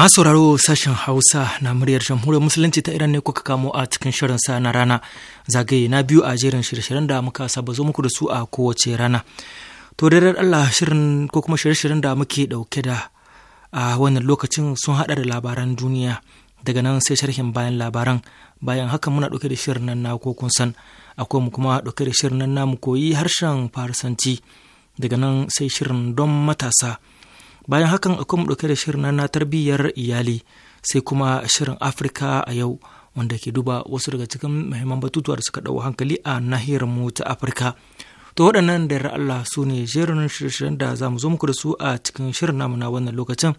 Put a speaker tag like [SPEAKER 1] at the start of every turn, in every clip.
[SPEAKER 1] Masu sauraro sashen Hausa na muryar jamhuriyar Musulunci ta Iran ne kuka kamo a cikin shirin sa na rana zagaye na biyu a jerin shirye-shiryen da muka saba zo muku da su a kowace rana. To da Allah shirin ko kuma shirye-shiryen da muke dauke da a wannan lokacin sun hada da labaran duniya daga nan sai sharhin bayan labaran bayan haka muna dauke da shirin nan na ko kun san akwai mu kuma dauke da shirin nan namu koyi harshen Farsanci daga nan sai shirin don matasa. bayan hakan akwai mu ɗauke da shirin na tarbiyyar iyali sai kuma shirin afirka a yau wanda ke duba wasu daga cikin muhimman batutuwa da suka ɗau hankali a nahiyar mu ta afirka to waɗannan da Allah su ne jerin shirin da za mu zo muku da su a cikin shirin namu na wannan lokacin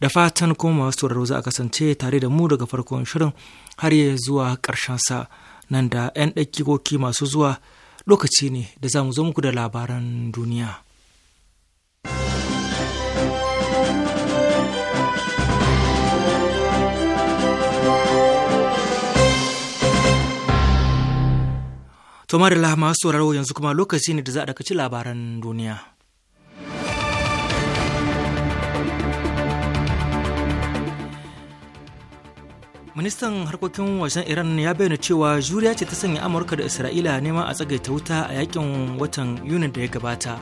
[SPEAKER 1] da fatan kuma masu tauraro za a kasance tare da mu daga farkon shirin har ya zuwa ƙarshen sa nan da 'yan ɗaki koki masu zuwa lokaci ne da za mu zo muku da labaran duniya. To da masu sauraro yanzu kuma lokaci ne da za a dakaci labaran duniya. Ministan harkokin wajen Iran ya bayyana cewa juriya ce ta sanya Amurka da Isra'ila neman a tsagaita wuta a yakin watan Yunin da ya gabata.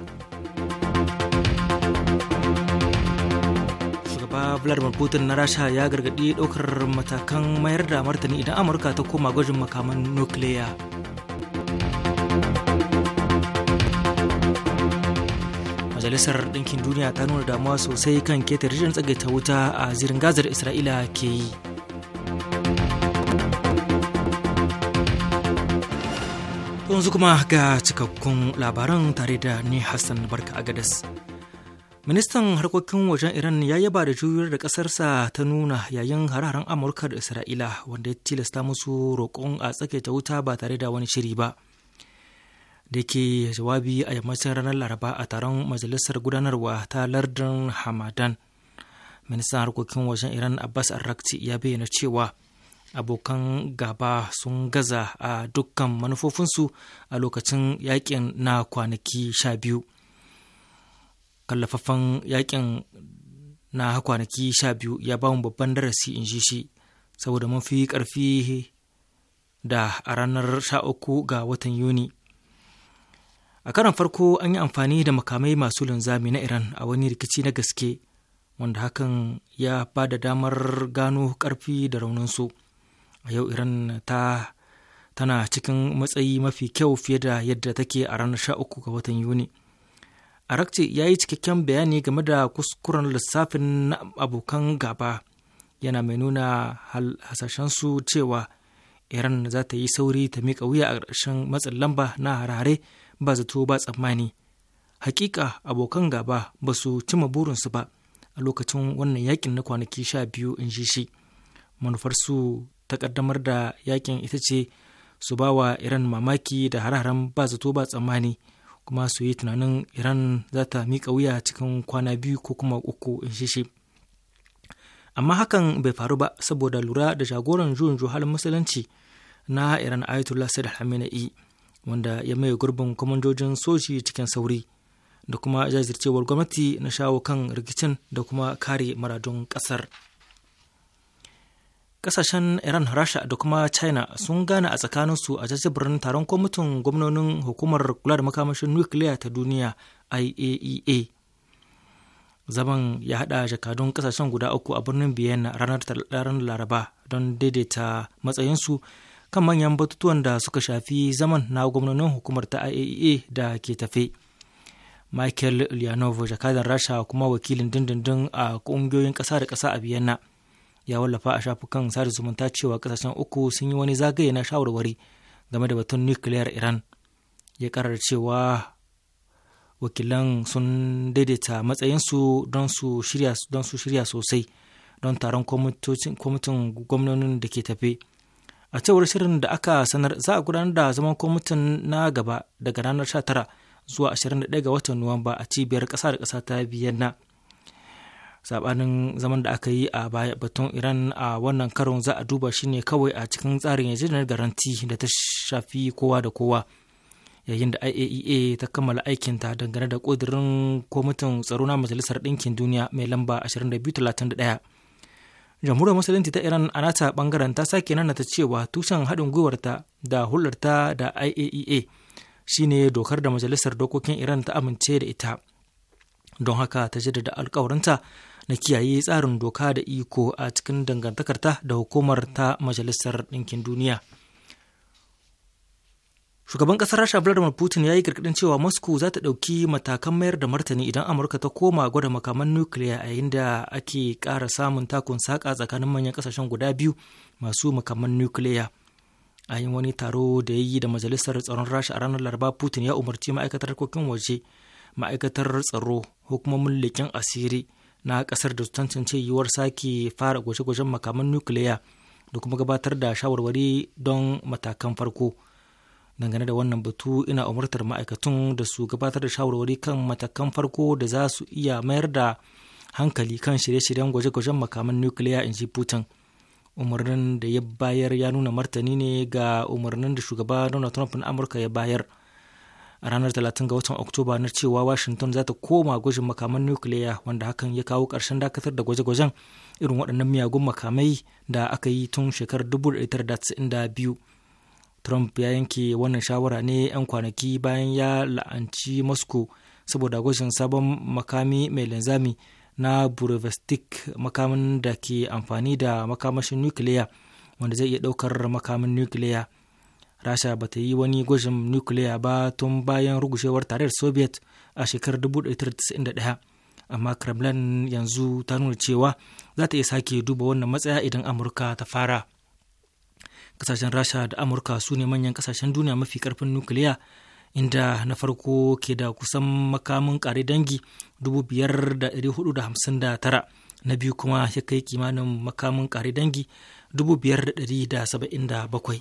[SPEAKER 1] shugaba vladimir putin na rasha ya gargadi ɗaukar matakan mayar da martani idan amurka ta koma gwajin makaman nukiliya majalisar ɗinkin duniya ta nuna damuwa sosai kan keta rijiyar tsagaita wuta a zirin gaza isra'ila ke yi yanzu kuma ga cikakkun labaran tare da ni hassan barka agadas ministan harkokin wajen iran ya yaba da juyar da ƙasarsa ta nuna yayin hararen amurka da isra'ila wanda ya tilasta musu roƙon a tsakaita wuta ba tare da wani shiri ba da ke jawabi a yammacin ranar laraba a taron majalisar gudanarwa ta lardin hamadan ministan harkokin wajen iran abbas arrakci ya bayyana cewa abokan gaba sun gaza a dukkan manufofinsu a lokacin yakin na kwanaki sha biyu kallafafan yakin na kwanaki sha biyu ya ba mu babban darasi in ji shi saboda mafi ƙarfi karfi da a ranar sha uku ga watan yuni a karan farko an yi amfani da makamai masu linzami na iran a wani rikici na gaske wanda hakan ya ba da damar gano ƙarfi da rauninsu a yau iran ta tana cikin matsayi mafi kyau fiye da yadda take a ranar 13 ga watan yuni arakci ya yi cikakken bayani game da kuskuren lissafin na abokan gaba yana mai nuna hasashensu cewa iran za ta yi sauri ta miƙa wuya a ƙarshen matsin lamba na harare ba zato ba tsammani hakika abokan gaba ba su cima burinsu ba a lokacin wannan yakin na kwanaki sha biyu in ji shi manufarsu ta kaddamar da yakin ita ce su ba wa iran mamaki da har-haren ba zato ba tsammani kuma su yi tunanin iran za ta miƙa wuya cikin kwana biyu ko kuma uku in shi shi amma hakan bai faru ba saboda lura da jagoran juyin halin musulunci na iran ayatollah said haminai wanda ya maye gurbin kwamandojin soji cikin sauri da kuma jazircewar gwamnati na shawo kan rikicin da kuma kare maradun ƙasar. kasashen iran rasha da kuma china sun gane a tsakaninsu a jajibirin taron kwamitin gwamnonin hukumar kula da makamashin nukiliya ta duniya iaea e zaman ya hada jakadun kasashen guda uku a birnin vienna ranar laraba don daidaita matsayinsu kan manyan batutuwan da suka shafi zaman na gwamnonin hukumar ta IAEA e da ke tafe. Michael Lyanov jakadan Rasha kuma wakilin dindindin a ƙungiyoyin ƙasa da ƙasa a Vienna ya wallafa a shafukan sada zumunta cewa ƙasashen uku sun yi wani zagaye na shawarwari game da batun nukiliyar Iran. Ya karar cewa wakilan sun daidaita matsayinsu don su shirya sosai don taron kwamitin gwamnonin da ke tafe. a cewar shirin da aka sanar za a gudanar da zaman kwamitin na gaba daga ranar 19 zuwa 21 ga watan nuwamba a cibiyar kasa da kasa ta biyanna sabanin zaman da aka yi a baya batun iran a wannan karon za a duba shi ne kawai a cikin tsarin yarjejeniyar garanti da ta shafi kowa da kowa yayin da iaea e ta kammala aikinta dangane da ƙudurin kwamitin tsaro na majalisar ɗinkin duniya mai lamba 2231 jamhuriyar musulunci ta iran a nata bangaren ta sake ta cewa tushen haɗin gwiwarta da hularta da iaea e shine dokar da majalisar dokokin iran ta amince da ita don haka ta jaddada alkawarinta na kiyaye tsarin doka da iko a cikin dangantakarta da hukumar ta majalisar ɗinkin duniya Shugaban ƙasar Rasha Vladimir Putin ya yi gargaɗin cewa Moscow za ta ɗauki matakan mayar da martani idan Amurka ta koma gwada makaman nukiliya a yayin da ake ƙara samun takun saƙa tsakanin manyan ƙasashen guda biyu masu makaman nukiliya. A yin wani taro da ya yi da Majalisar Tsaron Rasha a ranar Laraba Putin ya umarci ma'aikatar harkokin waje, ma'aikatar tsaro, hukumomin leƙen asiri na ƙasar da su tantance yiwuwar sake fara gwaje-gwajen makaman nukiliya da kuma gabatar da shawarwari don matakan farko. dangane da wannan batu ina umartar ma'aikatun da su gabatar da shawarwari kan matakan farko da za su iya mayar da hankali kan shirye-shiryen gwaje-gwajen makaman nukiliya in ji putin umarnin da ya bayar ya nuna martani ne ga umarnin da shugaba donald trump na amurka ya bayar a ranar 30 ga watan oktoba na cewa washington za ta koma gwajin makaman nukiliya wanda hakan ya kawo karshen dakatar da gwaje-gwajen irin waɗannan miyagun makamai da aka yi tun shekarar 1992 Trump ya yanke wannan shawara ne 'yan kwanaki bayan ya la'anci Moscow saboda gwajin sabon makami mai linzami na Burevestik makamin da ke amfani da makamashin nukiliya wanda zai iya ɗaukar makamin nukiliya. Rasha ba ta yi wani gwajin nukiliya ba tun bayan rugushewar tarayyar Soviet a shekarar 1991, amma Kremlin yanzu ta nuna cewa za ta iya sake duba wannan matsaya idan Amurka ta fara. kasashen rasha da amurka su ne manyan kasashen duniya mafi karfin nukiliya inda na farko ke da kusan makamin kare dangi 5,459 na biyu kuma ya kai kimanin makamin kare dangi 5577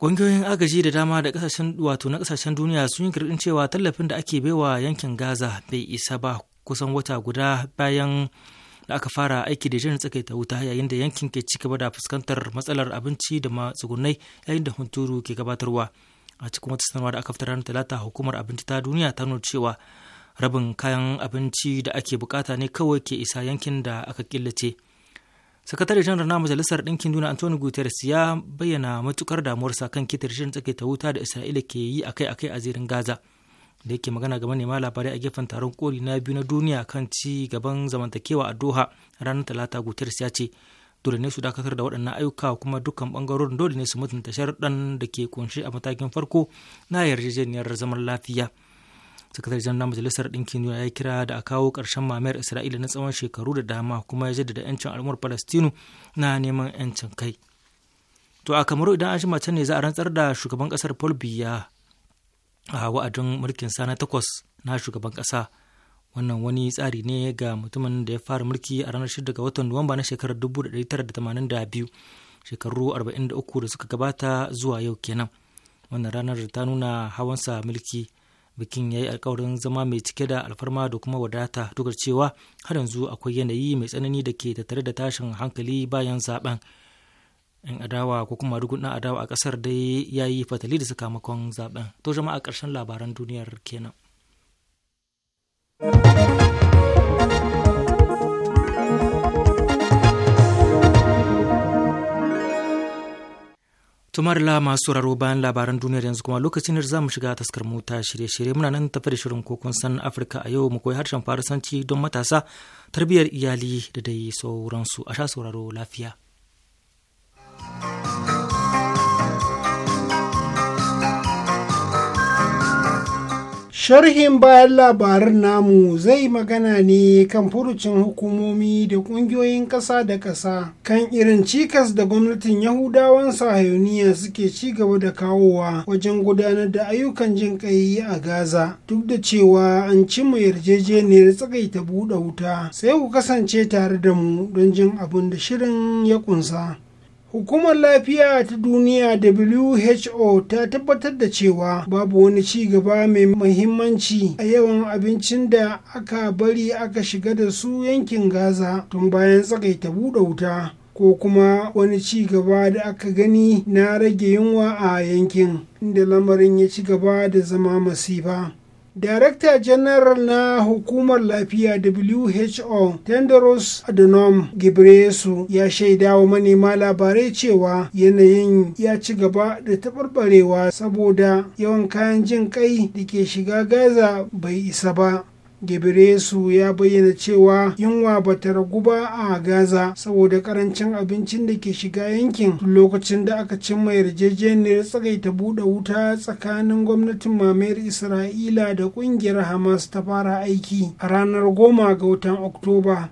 [SPEAKER 1] Ƙungiyoyin agaji da dama da kasashen wato na ƙasashen duniya sun yi kirɗin cewa tallafin da ake baiwa yankin Gaza bai isa ba kusan wata guda bayan da aka fara aiki da jirin tsakaita wuta yayin da yankin ke ci gaba da fuskantar matsalar abinci da matsugunai yayin da hunturu ke gabatarwa a cikin wata sanarwa da aka fitar ranar talata hukumar abinci ta duniya ta nuna cewa rabin kayan abinci da ake bukata ne kawai ke isa yankin da aka killace sakatare janar na majalisar ɗinkin duniya antonio guterres ya bayyana matukar damuwarsa kan kitar shirin tsakaita wuta da isra'ila ke yi akai-akai a zirin gaza da yake magana ga manema labarai a gefen taron koli na biyu na duniya kan ci gaban zamantakewa a doha ranar talata guterres ya ce dole ne su dakatar da waɗannan ayyuka kuma dukkan ɓangarorin dole ne su mutunta sharuɗan da ke kunshe a matakin farko na yarjejeniyar zaman lafiya sakatare janar majalisar ɗinkin duniya ya kira da a kawo ƙarshen mamayar isra'ila na tsawon shekaru da dama kuma ya jaddada 'yancin al'ummar palestinu na neman 'yancin kai to a kamaru idan an shi can ne za a rantsar da shugaban ƙasar paul biya a wa'adin mulkin sa na takwas na shugaban ƙasa wannan wani tsari ne ga mutumin da ya fara mulki a ranar 6 ga watan nuwamba na shekarar 1982 shekaru 43 da suka gabata zuwa yau kenan wannan ranar da ta nuna hawansa mulki bikin ya yi alkawarin zama mai cike da alfarma da kuma wadata duk cewa har yanzu akwai yanayi mai tsanani da ke tattare da tashin hankali bayan zaben 'yan adawa ko kuma rugun ɗan adawa a kasar dai ya yi fatali da sakamakon zaben to jama'a ƙarshen labaran duniyar kenan tumarla masu sauraro bayan labaran duniyar yanzu kuma lokacin da za mu shiga taskar mota shirye-shirye muna nan tafi da shirin kokon san afirka a yau mu koyi harshen farisanci don matasa tarbiyyar iyali da dai sauransu a sha sauraro lafiya
[SPEAKER 2] sharhin bayan labarin namu zai magana ne kan furucin hukumomi da ƙungiyoyin ƙasa da ƙasa kan irin cikas da gwamnatin yahudawan sahayuniya suke ci gaba da kawowa wajen gudanar da ayyukan jin ƙai a gaza duk da cewa an ci cimma yarjejeniyar tsagaita buɗe wuta sai ku kasance tare da mu don jin abin da shirin ya ƙunsa. Hukumar Lafiya ta Duniya WHO ta tabbatar da cewa babu wani ci gaba mai muhimmanci a yawan abincin da aka bari aka shiga da su yankin Gaza tun bayan tsakaita buɗe wuta ko kuma wani ci gaba da aka gani na rage yunwa a yankin inda lamarin ya ci gaba da zama masifa. Darakta General na Hukumar Lafiya WHO Tendros Adhanom Ghebreyesus ya shaidawa manema labarai cewa yanayin ya ci gaba da taɓarɓarewa saboda yawan kayan jin kai da ke shiga Gaza bai isa ba. gebresu ya bayyana cewa yunwa ba ta ragu ba a gaza saboda karancin abincin da ke shiga yankin lokacin da aka cimma yarjejeniyar tsagaita buɗe wuta tsakanin gwamnatin mamayar isra'ila da ƙungiyar hamas ta fara aiki a ranar goma ga watan oktoba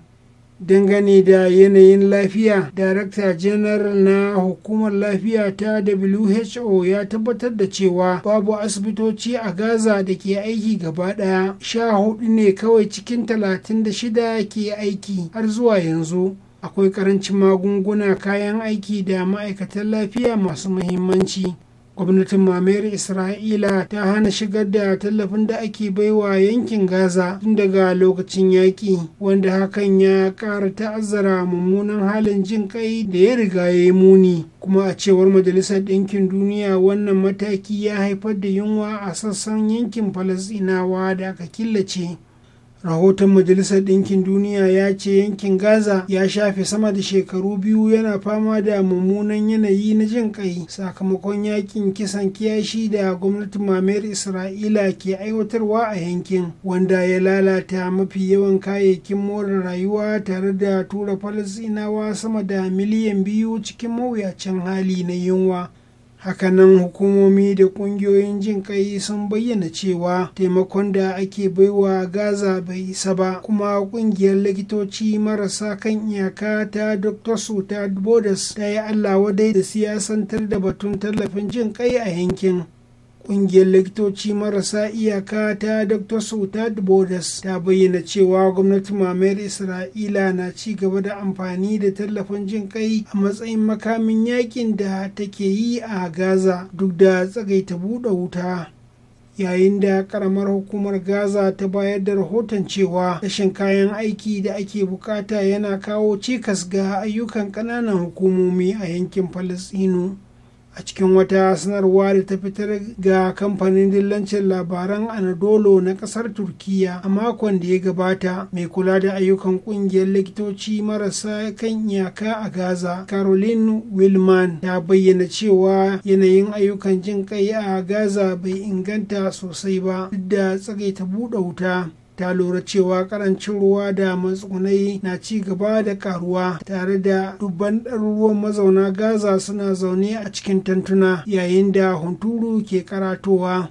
[SPEAKER 2] dangane da yanayin lafiya darakta janar na hukumar lafiya ta who ya tabbatar da cewa babu asibitoci a gaza da ke aiki gaba daya sha hudu ne kawai cikin talatin da shida ke aiki har zuwa yanzu akwai karancin magunguna kayan aiki da ma'aikatan lafiya masu muhimmanci gwamnatin mamayar isra'ila ta hana shigar da tallafin da ake baiwa yankin gaza tun daga lokacin yaƙi wanda hakan ya ƙara ta'azzara mummunan halin jin kai da ya riga ya yi muni kuma a cewar majalisar ɗinkin duniya wannan mataki ya haifar da yunwa a sassan yankin falasɗinawa da aka killace rahoton majalisar ɗinkin duniya ya ce yankin gaza ya shafe sama da shekaru biyu yana fama da mummunan yanayi na jin ƙai. sakamakon yakin kisan kiyashi da gwamnatin mamayar isra'ila ke aiwatarwa a yankin wanda ya lalata mafi yawan kayayyakin more rayuwa tare da tura falasinawa sama da miliyan biyu cikin mawuyacin hali na yunwa hakanan hukumomi da kungiyoyin jin kai sun bayyana cewa taimakon da ake baiwa gaza bai isa ba kuma kungiyar likitoci marasa kan iyaka ta dr suta bodas ta yi allah wadai da siyasantar da batun tallafin jin kai a yankin Ƙungiyar likitoci marasa iyaka ta Dr. sautad Bodas ta bayyana cewa gwamnatin mamayar Isra'ila na ci gaba da amfani da tallafin jin kai a matsayin makamin yakin da take yi a Gaza duk da tsagaita buɗe wuta. yayin da karamar hukumar gaza ta bayar da rahoton cewa rashin kayan aiki da ake bukata yana kawo cikas ga ayyukan ƙananan hukumomi a yankin falasino a cikin wata sanarwa da ta fitar ga kamfanin dillancin labaran anadolo na kasar turkiya a makon da ya gabata mai kula da ayyukan kungiyar likitoci marasa kan iyaka a gaza caroline wilman ta bayyana cewa yanayin ayyukan jin kai a gaza bai inganta sosai ba da tsagaita buɗe wuta ta lura cewa karancin ruwa da matsugunai na ci gaba da karuwa tare da dubban ɗaruruwan mazauna gaza suna zaune a cikin tantuna yayin da hunturu ke karatowa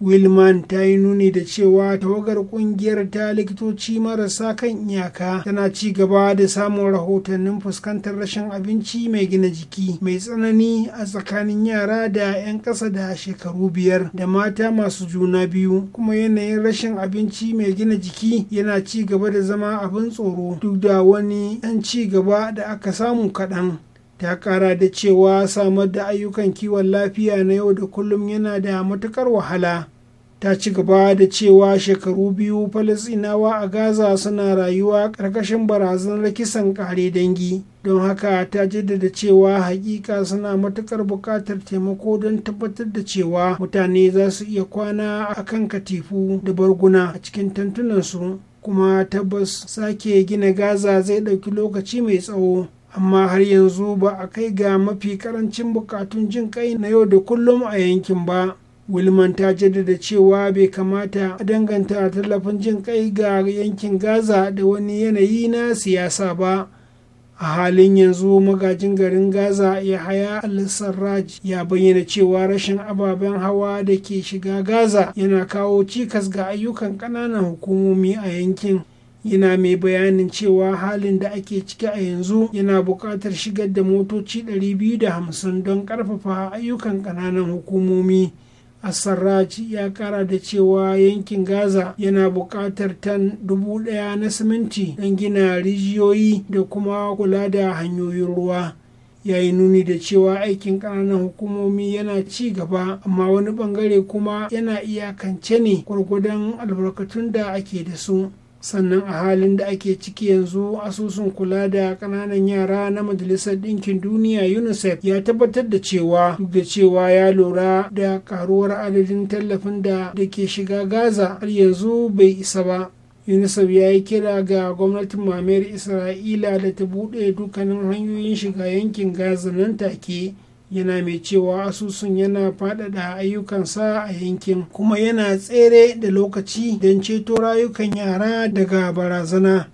[SPEAKER 2] wilman ta yi nuni da cewa tawagar kungiyar ta likitoci marasa kan iyaka tana ci gaba da samun rahotannin fuskantar rashin abinci mai gina jiki mai tsanani a tsakanin yara da 'yan ƙasa da shekaru biyar da mata masu juna biyu kuma yanayin rashin abinci mai gina jiki yana ci gaba da zama abin tsoro duk da wani 'yan ci gaba da aka samu kaɗan ta kara da cewa samar da ayyukan kiwon lafiya na yau da kullum yana da matukar wahala ta ci gaba da cewa shekaru biyu falasinawa a gaza suna rayuwa ƙarƙashin barazanar kisan ƙare dangi don haka ta jaddada cewa haƙiƙa suna matuƙar buƙatar taimako don tabbatar da cewa mutane za su iya kwana a kan katifu da barguna a cikin tantunansu kuma tabbas sake gina gaza zai ɗauki lokaci mai tsawo amma har yanzu ba a kai ga mafi karancin bukatun jin kai na yau da kullum a yankin ba wilman ta jaddada cewa bai kamata a danganta tallafin jin kai ga yankin gaza da wani yanayi na siyasa ba a halin yanzu magajin garin gaza ya haya al-sarraj ya bayyana cewa rashin ababen hawa da ke shiga gaza yana kawo cikas ga ayyukan ƙananan hukumomi a yankin yana mai bayanin cewa halin da ake ciki a yanzu yana buƙatar shigar da motoci 250 don ƙarfafa ayyukan ƙananan hukumomi Assarraj ya kara da cewa yankin Gaza yana buƙatar tan dubu ɗaya na siminti don gina rijiyoyi da kuma kula da hanyoyin ruwa. Ya yi nuni da cewa aikin ƙananan hukumomi yana ci gaba amma wani ɓangare kuma yana iyakance ne gwargwadon albarkatun da ake da su. sannan a halin da ake ciki yanzu asusun kula da kananan yara na majalisar ɗinkin duniya unicef ya tabbatar da cewa duk da cewa ya lura da karuwar adadin tallafin da da ke shiga gaza har yanzu bai isa ba unicef ya yi kira ga gwamnatin mamayar isra'ila da ta buɗe dukkanin hanyoyin shiga yankin gaza nan take yana mai cewa asusun yana faɗaɗa ayyukansa a yankin kuma yana tsere da lokaci don ceto rayukan yara daga barazana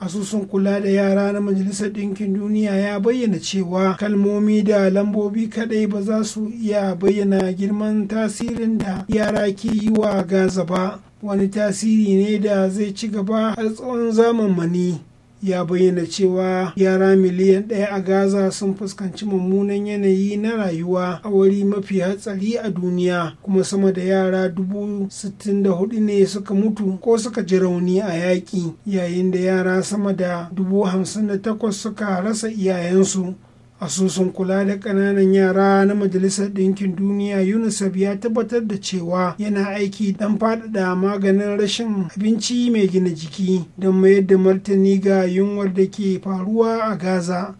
[SPEAKER 2] asusun kula da yara na majalisar ɗinkin duniya ya bayyana cewa kalmomi da lambobi kaɗai ba za su iya bayyana girman tasirin da yara ke yi wa gaza ba wani tasiri ne da zai ci gaba har tsawon zamani ya bayyana cewa yara miliyan ɗaya a gaza sun fuskanci mummunan yanayi na rayuwa a wuri mafi hatsari a duniya kuma sama da yara dubu sittin da hudu ne suka mutu ko suka ji rauni a yaƙi yayin da yara sama da dubu hamsin da takwas suka rasa iyayensu asusun kula da ƙananan yara na majalisar ɗinkin duniya unicef ya tabbatar da cewa yana aiki don faɗaɗa maganin rashin abinci mai gina jiki don mayar da martani ga yunwar da ke faruwa a gaza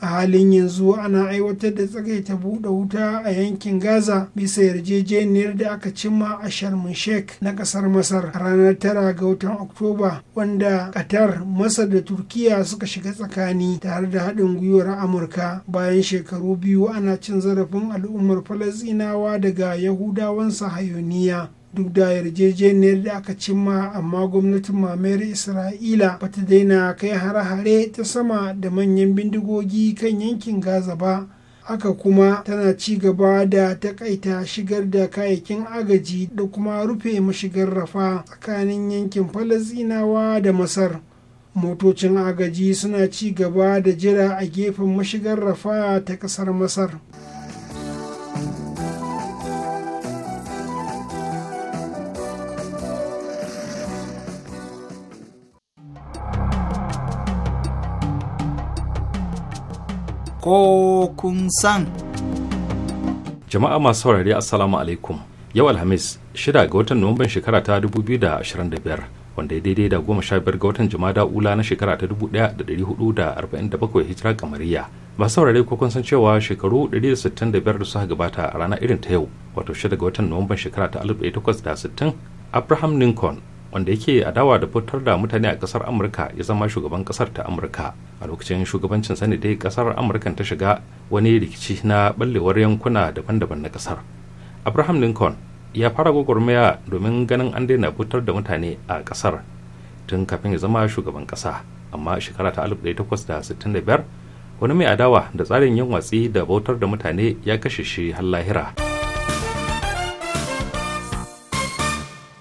[SPEAKER 2] a halin yanzu ana aiwatar da tsagaita buɗe wuta a yankin gaza bisa yarjejeniyar da aka cimma a sharmin sheik na ƙasar masar a ranar tara ga watan oktoba wanda qatar masar da turkiya suka shiga tsakani tare da haɗin gwiwar amurka bayan shekaru biyu ana cin zarafin al'ummar falasinawa daga yahudawan sahayoniya duk da yarjejeniyar da aka cimma amma gwamnatin mamayar isra'ila ba ta daina kai hare-hare ta sama da manyan bindigogi kan yankin gaza ba haka kuma tana ci gaba da takaita shigar da kayayyakin agaji da kuma rufe mashigar rafa tsakanin yankin falasinawa da masar motocin agaji suna ci gaba da jira a gefen mashigar rafa ta kasar masar.
[SPEAKER 3] ko kun san.
[SPEAKER 4] Jama'a masu saurari Assalamu alaikum. Yau Alhamis, shida ga watan Nuwamban shekara ta 2025 wanda ya daidai da goma sha biyar ga watan Jumada Ula na shekara ta 1447 hijira kamariya. Masu saurari ko kun san cewa shekaru 165 da suka gabata a rana irin ta yau, wato shida ga watan Nuwamban shekara ta 1860, Abraham Lincoln wanda yake adawa da fitar da mutane a kasar amurka ya zama shugaban kasar ta amurka a lokacin shugabancin sani dai kasar amurkan ta shiga wani rikici na ballewar yankuna daban-daban na kasar abraham lincoln ya fara gwagwarmaya domin ganin an daina fitar da mutane a kasar tun kafin ya zama shugaban kasa amma shekara ta 1865 wani mai adawa da tsarin yin watsi da bautar da mutane ya kashe shi har lahira.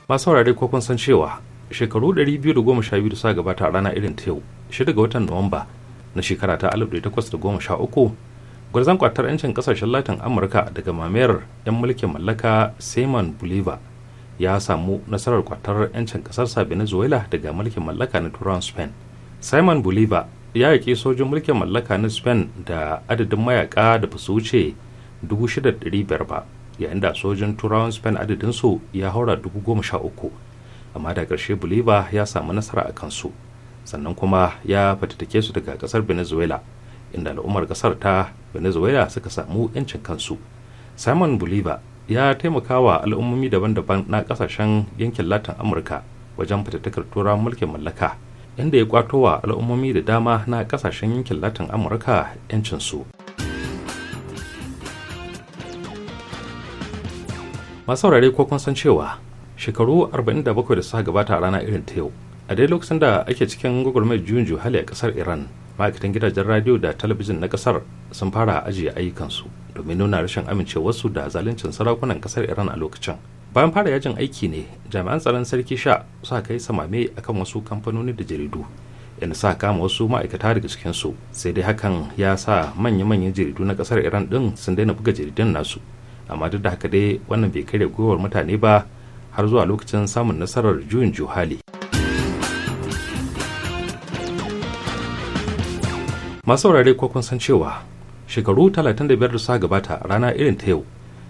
[SPEAKER 4] masu saurare ko kun san cewa shekaru 212 da sa gabata a rana irin ta yau shida ga watan nuwamba na shekara ta 1813 gwarzan kwatar 'yancin kasashen latin amurka daga mamayar 'yan mulkin mallaka simon bolivar ya samu nasarar kwatar 'yancin sa venezuela daga mulkin mallaka na turan spain simon bolivar ya yaƙi sojin mulkin mallaka na spain da adadin mayaka da basu wuce 6,500 ba yayin da sojin turawan spain adadinsu ya haura dubu goma sha uku amma da karshe bolivar ya samu nasara a kansu sannan kuma ya fatattake su daga ƙasar venezuela inda al'ummar ƙasar ta venezuela suka samu 'yancin kansu simon bolivar ya taimaka wa al'ummomi daban-daban na ƙasashen yankin latin amurka wajen fatattakar turawan mulkin mallaka inda ya kwato wa al'ummomi da dama na ƙasashen yankin latin amurka 'yancinsu masu saurari ko kun san cewa shekaru 47 da suka gabata a rana irin ta yau a dai lokacin da ake cikin gwagwarmayar juyin hali a kasar iran ma'aikatan gidajen radio da talabijin na kasar sun fara ajiye ayyukansu domin nuna rashin amincewarsu da zaluncin sarakunan kasar iran a lokacin bayan fara yajin aiki ne jami'an tsaron sarki sha suka kai samame akan wasu kamfanoni da jaridu inda sa kama wasu ma'aikata daga cikinsu sai dai hakan ya sa manya-manyan jaridu na kasar iran din sun daina buga jaridun nasu amma duk da haka dai wannan bai karya gwiwar mutane ba har zuwa lokacin samun nasarar juyin juhali masu saurare ko kun san cewa shekaru 35 da suka gabata rana irin ta yau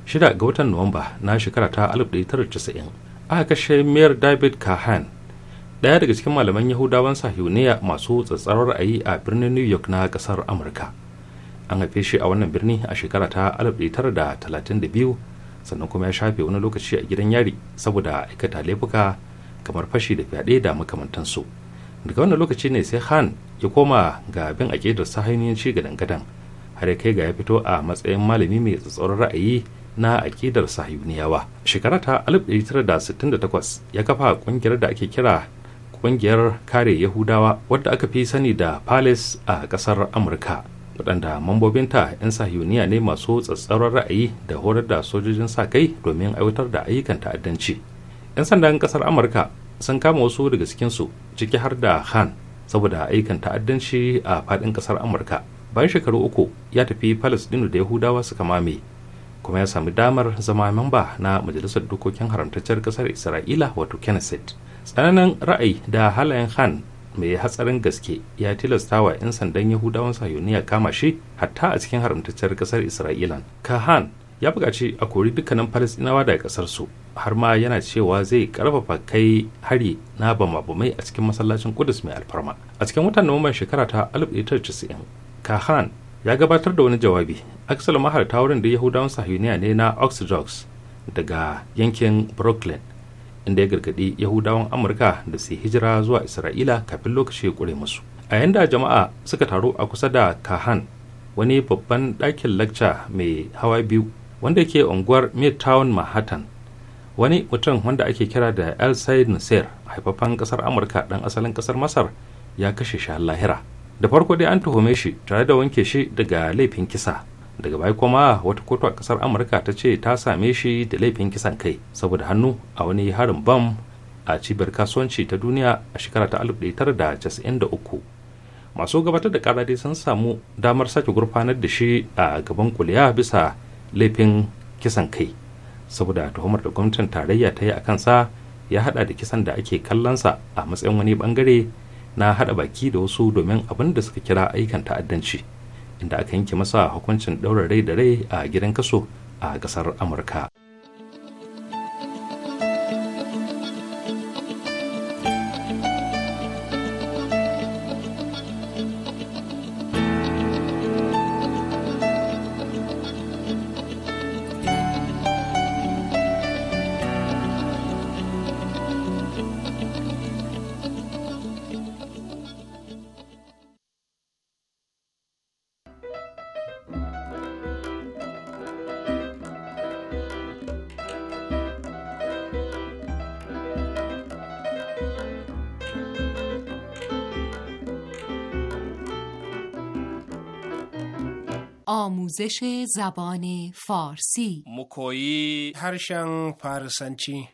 [SPEAKER 4] shida ga watan nuwamba na shekara ta 1990 aka kashe mayor david kahan ɗaya daga cikin malaman yahudawan sahiyoniya masu tsatsarar ra'ayi a birnin new york na ƙasar amurka an haife shi a wannan birni a shekara ta 1932 sannan kuma ya shafe wani lokaci a gidan yari saboda aikata laifuka kamar fashi da fyaɗe da makamantansu daga wannan lokaci ne sai han ya koma ga bin aƙidar sa hanyoyin ci gadan gadan har kai ga ya fito a matsayin malami mai tsatsauran ra'ayi na aƙidar sahiyuniyawa shekara ta 1968 ya kafa ƙungiyar da ake kira ƙungiyar kare yahudawa wadda aka fi sani da palace a ƙasar amurka waɗanda mambobinta 'yan sahiyoniya ne masu tsatsauran ra'ayi da horar da sojojin sa kai domin aiwatar da ayyukan ta'addanci 'yan sandan ƙasar amurka sun kama wasu daga cikinsu ciki har da han saboda ayyukan ta'addanci a faɗin ƙasar amurka bayan shekaru uku ya tafi palestinu da yahudawa suka mame kuma ya sami damar zama mamba na majalisar dokokin haramtaccen ƙasar isra'ila wato knesset tsananin ra'ayi da halayen han mai hatsarin gaske ya tilasta wa 'yan sandan yahudawan sayoniya kama shi hatta a cikin haramtacciyar kasar isra'ilan kahan ya buƙaci a kori dukkanin falasɗinawa daga ƙasarsu har ma yana cewa zai karfafa kai hari na bamabamai a cikin masallacin kudus mai alfarma a cikin watan nuwamban shekara ta 1990 kahan ya gabatar da wani jawabi aksal mahalarta wurin da yahudawan sahuniya ne na oxydox daga yankin brooklyn inda ya gargaɗi yahudawan amurka da su hijira zuwa isra'ila kafin lokaci ya ƙure musu a yanda jama'a suka taru a kusa da kahan wani babban ɗakin lacca mai hawa biyu wanda ke unguwar midtown manhattan wani mutum wanda ake kira da el said nasir haifafan ƙasar amurka dan asalin ƙasar masar ya kashe shi lahira da farko dai an tuhume shi tare da wanke shi daga laifin kisa daga baya kuma wata kotu a kasar amurka ta ce ta same shi da laifin kisan kai saboda hannu a wani harin bam a cibiyar kasuwanci ta duniya a shekara ta 1993 masu gabatar da kara dai sun samu damar sake gurfanar da shi a gaban kuliya bisa laifin kisan kai saboda tuhumar da gwamnatin tarayya ta yi a kansa ya hada da kisan da ake kallonsa a matsayin wani bangare na hada baki da wasu domin abin da suka kira ayyukan ta'addanci. inda aka yanke masa hukuncin ɗaura rai da rai a gidan kaso a ƙasar amurka
[SPEAKER 5] آموزش زبان فارسی
[SPEAKER 4] koyi
[SPEAKER 6] هرشن فارسنچی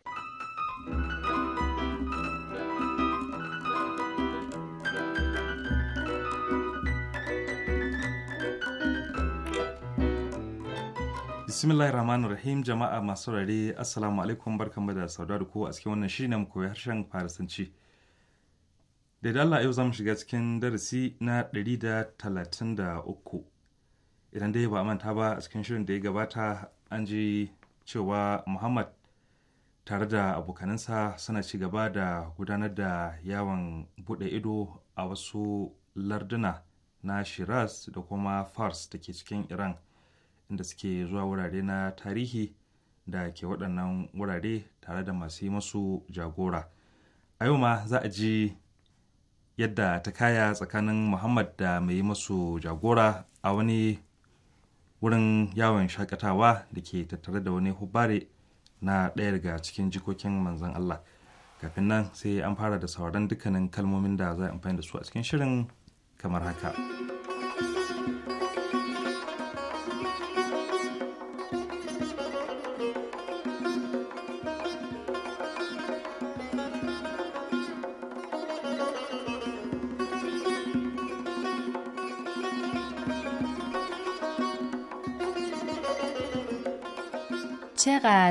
[SPEAKER 7] bismillahir rahmanir rahim jama'a masu rare assalamu alaikum barkan da sauda da ku a cikin wannan shiri na mu koyi harshen farisanci da Allah yau za mu shiga cikin darasi na 133 idan dai ba a manta ba a cikin shirin da ya gabata an ji cewa muhammad tare da abokanansa suna ci gaba da gudanar da yawon bude ido a wasu larduna na shiraz da kuma fars da ke cikin iran inda suke zuwa wurare na tarihi da ke waɗannan wurare tare da masu masu jagora a yau ma za a ji yadda ta kaya tsakanin muhammad da mai masu jagora a wani wurin yawon shakatawa da ke tattare da wani hubare na ɗaya daga cikin jikokin manzon Allah kafin nan sai an fara da sauran dukkanin kalmomin da za a amfani da su a cikin shirin kamar haka.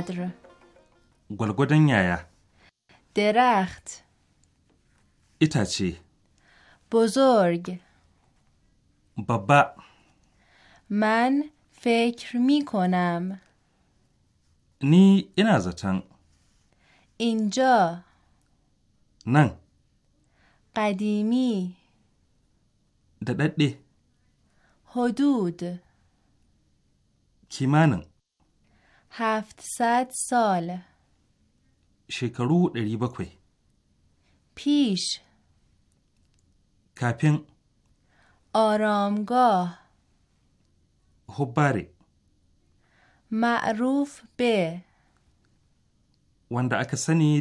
[SPEAKER 7] قدر گلگودن یایا
[SPEAKER 5] درخت
[SPEAKER 7] ایتاچی
[SPEAKER 5] بزرگ بابا من فکر می کنم
[SPEAKER 7] نی این ازتن
[SPEAKER 5] اینجا نن قدیمی دددی حدود کیمانن هفت هفتصد سال
[SPEAKER 7] شکرو دری بکوی
[SPEAKER 5] پیش کپین آرامگاه خباری معروف به
[SPEAKER 7] وند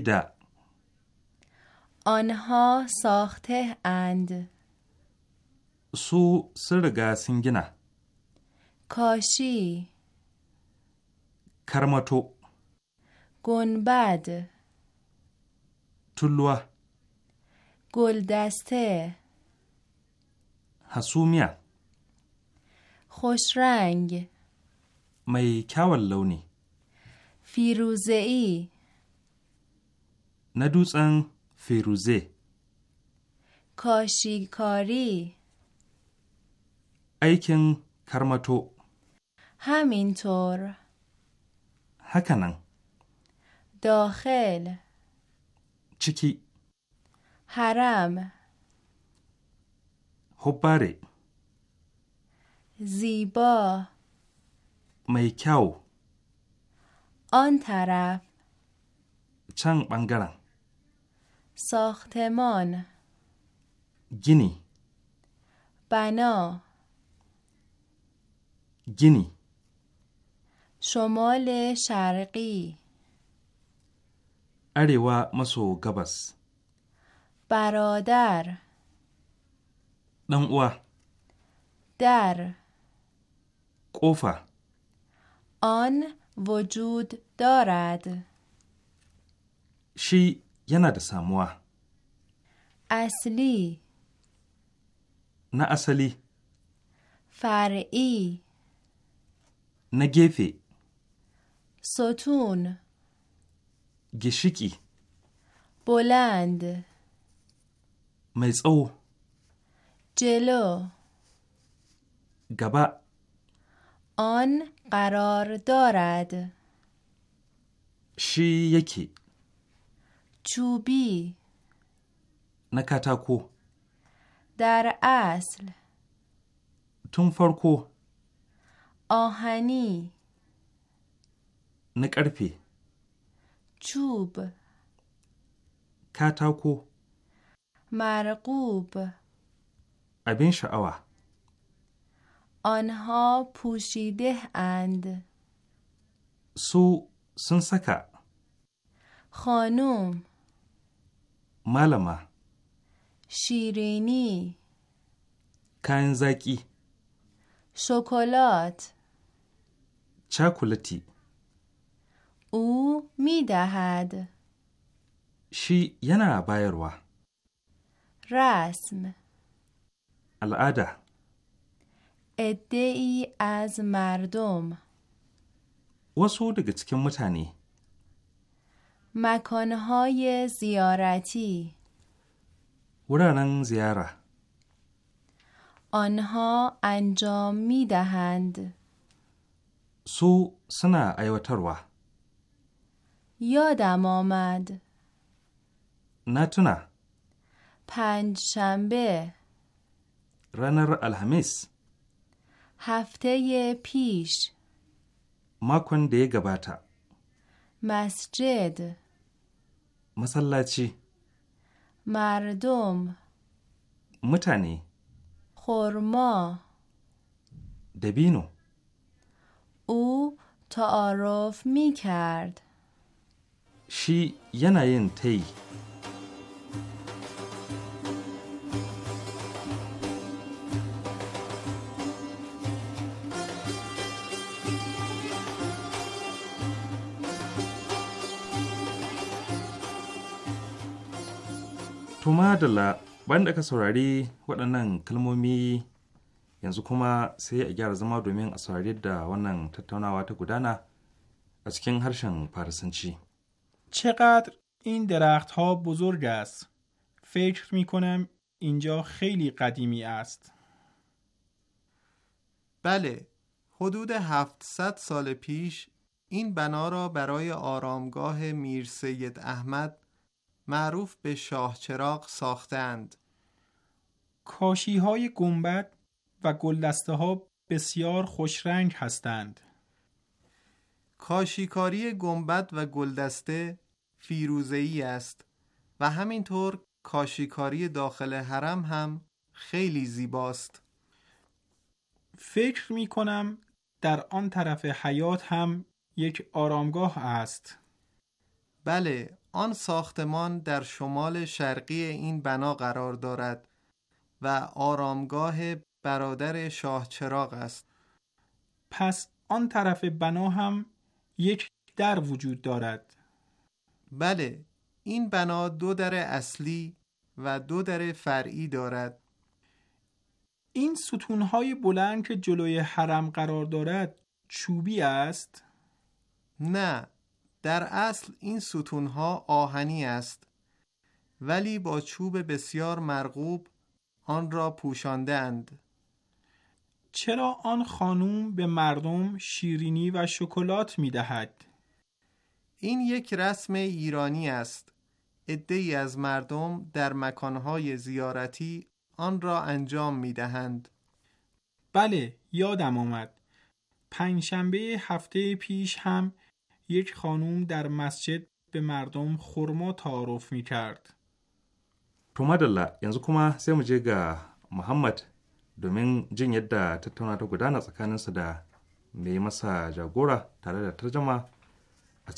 [SPEAKER 7] ده
[SPEAKER 5] آنها ساخته اند
[SPEAKER 7] سو سرگا سنگنه
[SPEAKER 5] کاشی karmato. Gunbad. Tulluwa. Goldaste. Hasumiya. Khushrang.
[SPEAKER 7] Mai kyawun launi.
[SPEAKER 5] Firuze'i.
[SPEAKER 7] Na dutsen firuze.
[SPEAKER 5] Kashikari.
[SPEAKER 7] Aikin karmato.
[SPEAKER 5] Hamintor. hakanan. nan. Dohel Ciki Haram Hubbare zibo.
[SPEAKER 7] Mai kyau
[SPEAKER 5] On taraf
[SPEAKER 7] Can ɓangaren
[SPEAKER 5] sotemon. Gini Bana Gini شمال شرقی
[SPEAKER 7] اریوا مسو گبس
[SPEAKER 5] برادر دنوا در قوفا آن وجود دارد
[SPEAKER 7] شی ینا ساموا
[SPEAKER 5] اصلی
[SPEAKER 7] نه اصلی
[SPEAKER 5] فرعی
[SPEAKER 7] نا گیفی
[SPEAKER 5] ستون گشیکی بلند مزعو جلو گبا آن قرار دارد
[SPEAKER 7] شی یکی
[SPEAKER 5] چوبی
[SPEAKER 7] نکتاکو
[SPEAKER 5] در اصل تون آهنی na چوب
[SPEAKER 7] کاتاکو،
[SPEAKER 5] مرقوب
[SPEAKER 7] ابین شعوا
[SPEAKER 5] آنها پوشیده اند
[SPEAKER 7] سو سنسکا
[SPEAKER 5] خانوم مالما شیرینی
[SPEAKER 7] کنزکی
[SPEAKER 5] شکلات
[SPEAKER 7] چاکولتی
[SPEAKER 5] او می دهد
[SPEAKER 7] شی ینا بایروا
[SPEAKER 5] رسم العاده اده از مردم
[SPEAKER 7] وسو دگه cikin متانی
[SPEAKER 5] مکانهای زیارتی
[SPEAKER 7] ورانن زیاره
[SPEAKER 5] آنها انجام می دهند
[SPEAKER 7] سو سنا ایوتروه
[SPEAKER 5] یادم آمد نتونه پنج شنبه
[SPEAKER 7] رنر الهمیس
[SPEAKER 5] هفته پیش
[SPEAKER 7] کن دیگه گباتا
[SPEAKER 5] مسجد
[SPEAKER 7] مسلاچی
[SPEAKER 5] مردم متنی خورما دبینو او تعارف می کرد
[SPEAKER 7] yin ta yi. Tuma da la bayan da ka saurari waɗannan kalmomi yanzu kuma sai a gyara zama domin a saurari da wannan tattaunawa ta gudana a cikin harshen farisanci. چقدر این درخت ها بزرگ است فکر
[SPEAKER 8] می
[SPEAKER 9] کنم اینجا خیلی قدیمی است بله حدود 700 سال پیش این بنا را برای آرامگاه میر سید احمد معروف به شاه چراغ ساختند کاشی های گنبد و گلدسته ها بسیار خوش رنگ هستند کاشیکاری گنبد و گلدسته فیروزه‌ای است و همینطور کاشیکاری داخل حرم هم خیلی زیباست فکر می کنم در آن طرف حیات هم یک آرامگاه است بله آن ساختمان در شمال شرقی این بنا قرار دارد و آرامگاه برادر شاه چراغ است پس آن طرف بنا هم یک در وجود دارد بله این بنا دو در اصلی و دو در فرعی دارد این ستونهای بلند که جلوی حرم قرار دارد چوبی است؟ نه در اصل این ستونها آهنی است ولی با چوب بسیار مرغوب آن را اند چرا آن خانم به مردم شیرینی و شکلات می دهد؟ این یک رسم ایرانی است ای از مردم در مکانهای زیارتی آن را انجام می دهند. بله یادم آمد پنجشنبه هفته پیش هم یک خانوم در
[SPEAKER 8] مسجد به مردم خورما تعارف می کرد
[SPEAKER 7] تو مدلا ینزو کما محمد دومین جن یدda tattauna ta gudana سده. می mai masa jagora tare a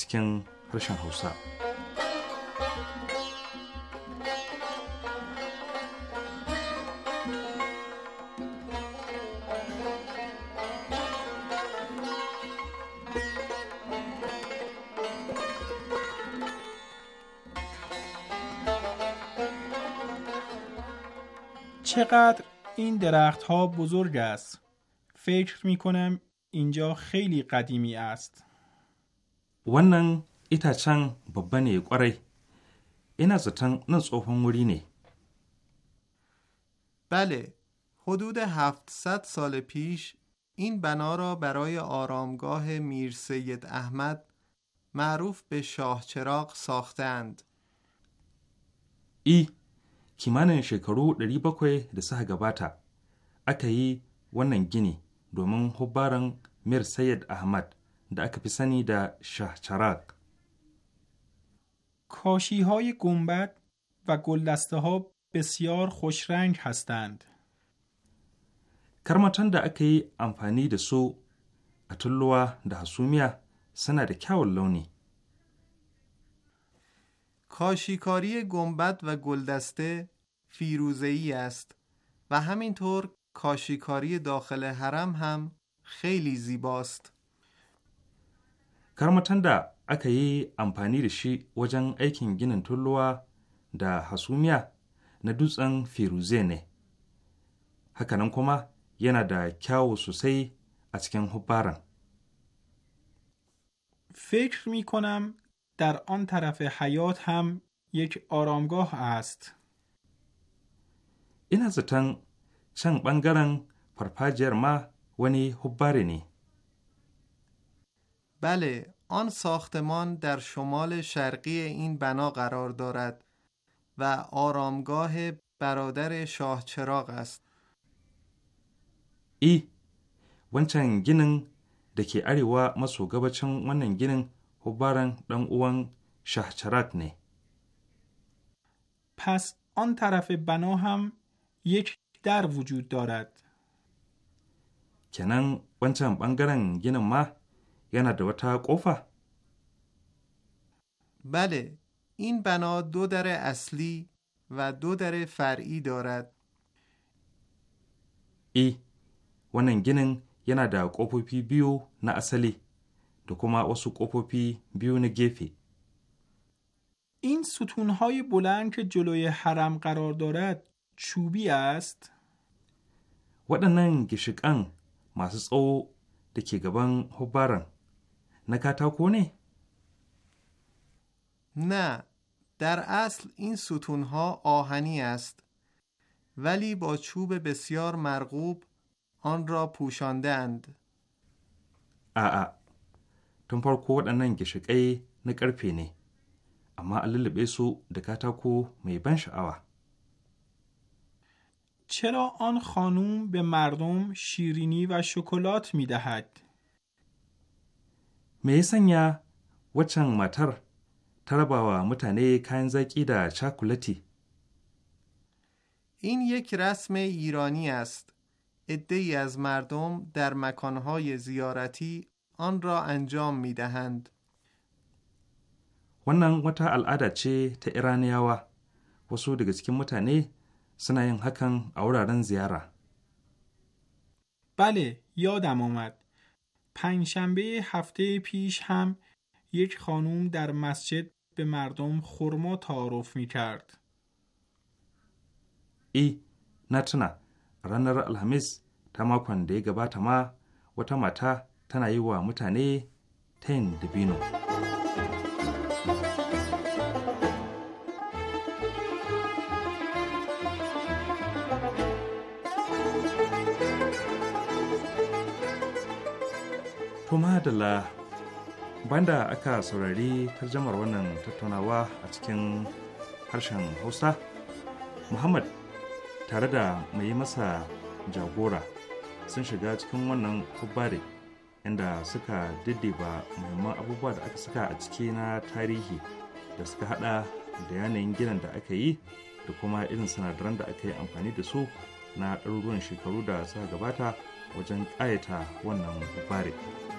[SPEAKER 8] چقدر این درخت ها بزرگ است. فکر می کنم اینجا خیلی قدیمی است.
[SPEAKER 7] wannan itacen babba ne kwarai ina zaton nan tsohon wuri
[SPEAKER 9] بله حدود 700 سال پیش این بنا را برای آرامگاه میر سید احمد معروف به شاه ساخته ساختند
[SPEAKER 7] ای کیمان شکرو دری بکوی دسه گباتا اکایی ونن گینی دومن حباران میر سید احمد da در fi شهچرق کاشی های گنبد و گلدسته ها
[SPEAKER 8] بسیار خوش رنگ هستند.
[SPEAKER 7] کرماتن da امپانید سو amfani da su a tulluwa
[SPEAKER 9] کاشیکاری گنبد و گلدسته ای است و همینطور کاشیکاری داخل حرم هم خیلی زیباست.
[SPEAKER 7] Karmatan da aka yi amfani da shi wajen aikin ginin tulluwa da hasumiya na dutsen Firuze ne. Hakanan kuma yana da kyawu sosai a cikin hubbaran. fikir mi کنم
[SPEAKER 8] dar آن طرف حیات ham yake آرامگاه ast
[SPEAKER 7] Ina zaton can bangaren farfajiyar ma wani hubbare ne.
[SPEAKER 9] بله آن ساختمان در شمال شرقی این بنا قرار دارد و آرامگاه برادر شاه چراغ است ای
[SPEAKER 7] ونچن گینن دکی اریوا مسو گبچن گینن حبارن دن اوان شاه چراغ نه پس آن طرف
[SPEAKER 8] بنا هم یک در
[SPEAKER 7] وجود دارد کنن ونچن بانگرن گینن ما yana da wata kofa?
[SPEAKER 9] Bale, in bana دو dare asli و دو در فرعی
[SPEAKER 7] wannan ginin yana da ƙofofi biyu na asali da kuma wasu ƙofofi biyu na gefe.
[SPEAKER 8] این های بلند که جلوی حرم قرار دارد
[SPEAKER 7] چوبی است؟ waɗannan gishiƙan masu tsawo da ke gaban hubbaran نه کاتاکو نه؟
[SPEAKER 9] نه در اصل این ستونها آهنی است ولی با چوب بسیار مرغوب آن را پوشانده اند
[SPEAKER 7] تون پر کو waɗannan gishiƙai na ای اما amma اما lullube su da کو می
[SPEAKER 8] چرا آن خانوم به مردم شیرینی و شکلات می دهد؟
[SPEAKER 7] me ya sanya waccan matar ta rabawa mutane kayan zaƙi da cakulati
[SPEAKER 9] این یک رسم ایرانی است. عده از مردم در مکانهای زیارتی آن را انجام می دهند.
[SPEAKER 7] wannan wata al'ada ce ta iraniyawa wasu daga cikin mutane suna yin hakan a wuraren ziyara.
[SPEAKER 10] bale yadam
[SPEAKER 8] omad پنجشنبه هفته پیش هم یک خانوم در مسجد به مردم خرما تعارف می کرد.
[SPEAKER 7] ای نتنا رنر الهمیز تا کنده گبا تما و تما تا تنایی و متانی تن دبینو. To madalla banda aka saurari tarjamar wannan tattaunawa a cikin harshen Hausa, Muhammad tare da mai masa jagora sun shiga cikin wannan kubare inda suka diddiba muhimman abubuwa da aka saka a ciki na tarihi da suka hada da yanayin ginin da aka yi da kuma irin sinadaran da aka yi amfani da su na ɗaruruwan shekaru da suka gabata wajen ƙayata wannan bare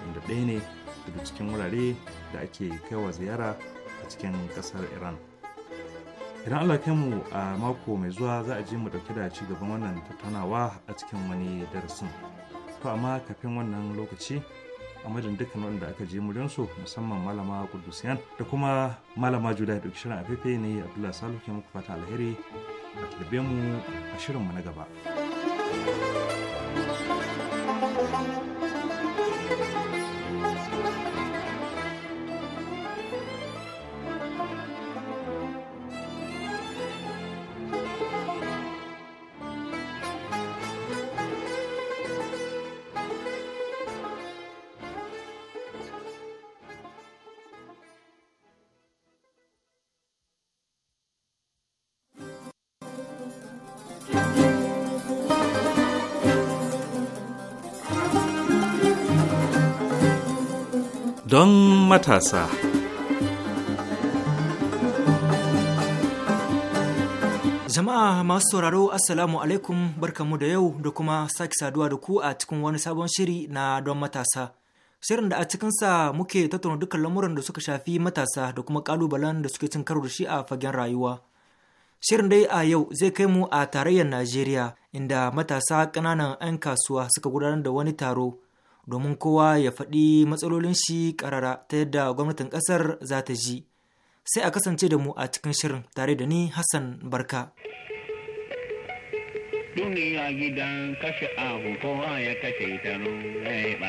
[SPEAKER 7] inda ɗaya ne daga cikin wurare da ake kaiwa ziyara a cikin ƙasar iran idan allah kai mu a mako mai zuwa za a ji mu ɗauki da ci gaban wannan tattaunawa a cikin wani darasin to amma kafin wannan lokaci a madadin dukkan wanda aka je su musamman malama kudusiyan da kuma malama juda da shirin afefe ne abdullah salu ke muku fata alheri a tarbe mu a shirin mu na gaba thank you matasa.
[SPEAKER 1] Jama'a masu sauraro Assalamu alaikum barkamu da yau da kuma sake saduwa da ku a cikin wani sabon shiri na don matasa. Shirin da a cikinsa muke tattauna dukkan lamuran da suka shafi matasa da kuma kalubalen da suke cin karo da shi a fagen rayuwa. Shirin dai a yau zai kai mu a tarayyar Najeriya inda matasa ƙananan 'yan kasuwa suka gudanar da wani taro domin kowa ya faɗi matsalolin shi ƙarara ta yadda gwamnatin ƙasar za ta ji sai a kasance da mu a cikin shirin tare da ni hassan barka
[SPEAKER 11] duniya gidan kashe abu kowa ya kashe ta ya ya kashe ya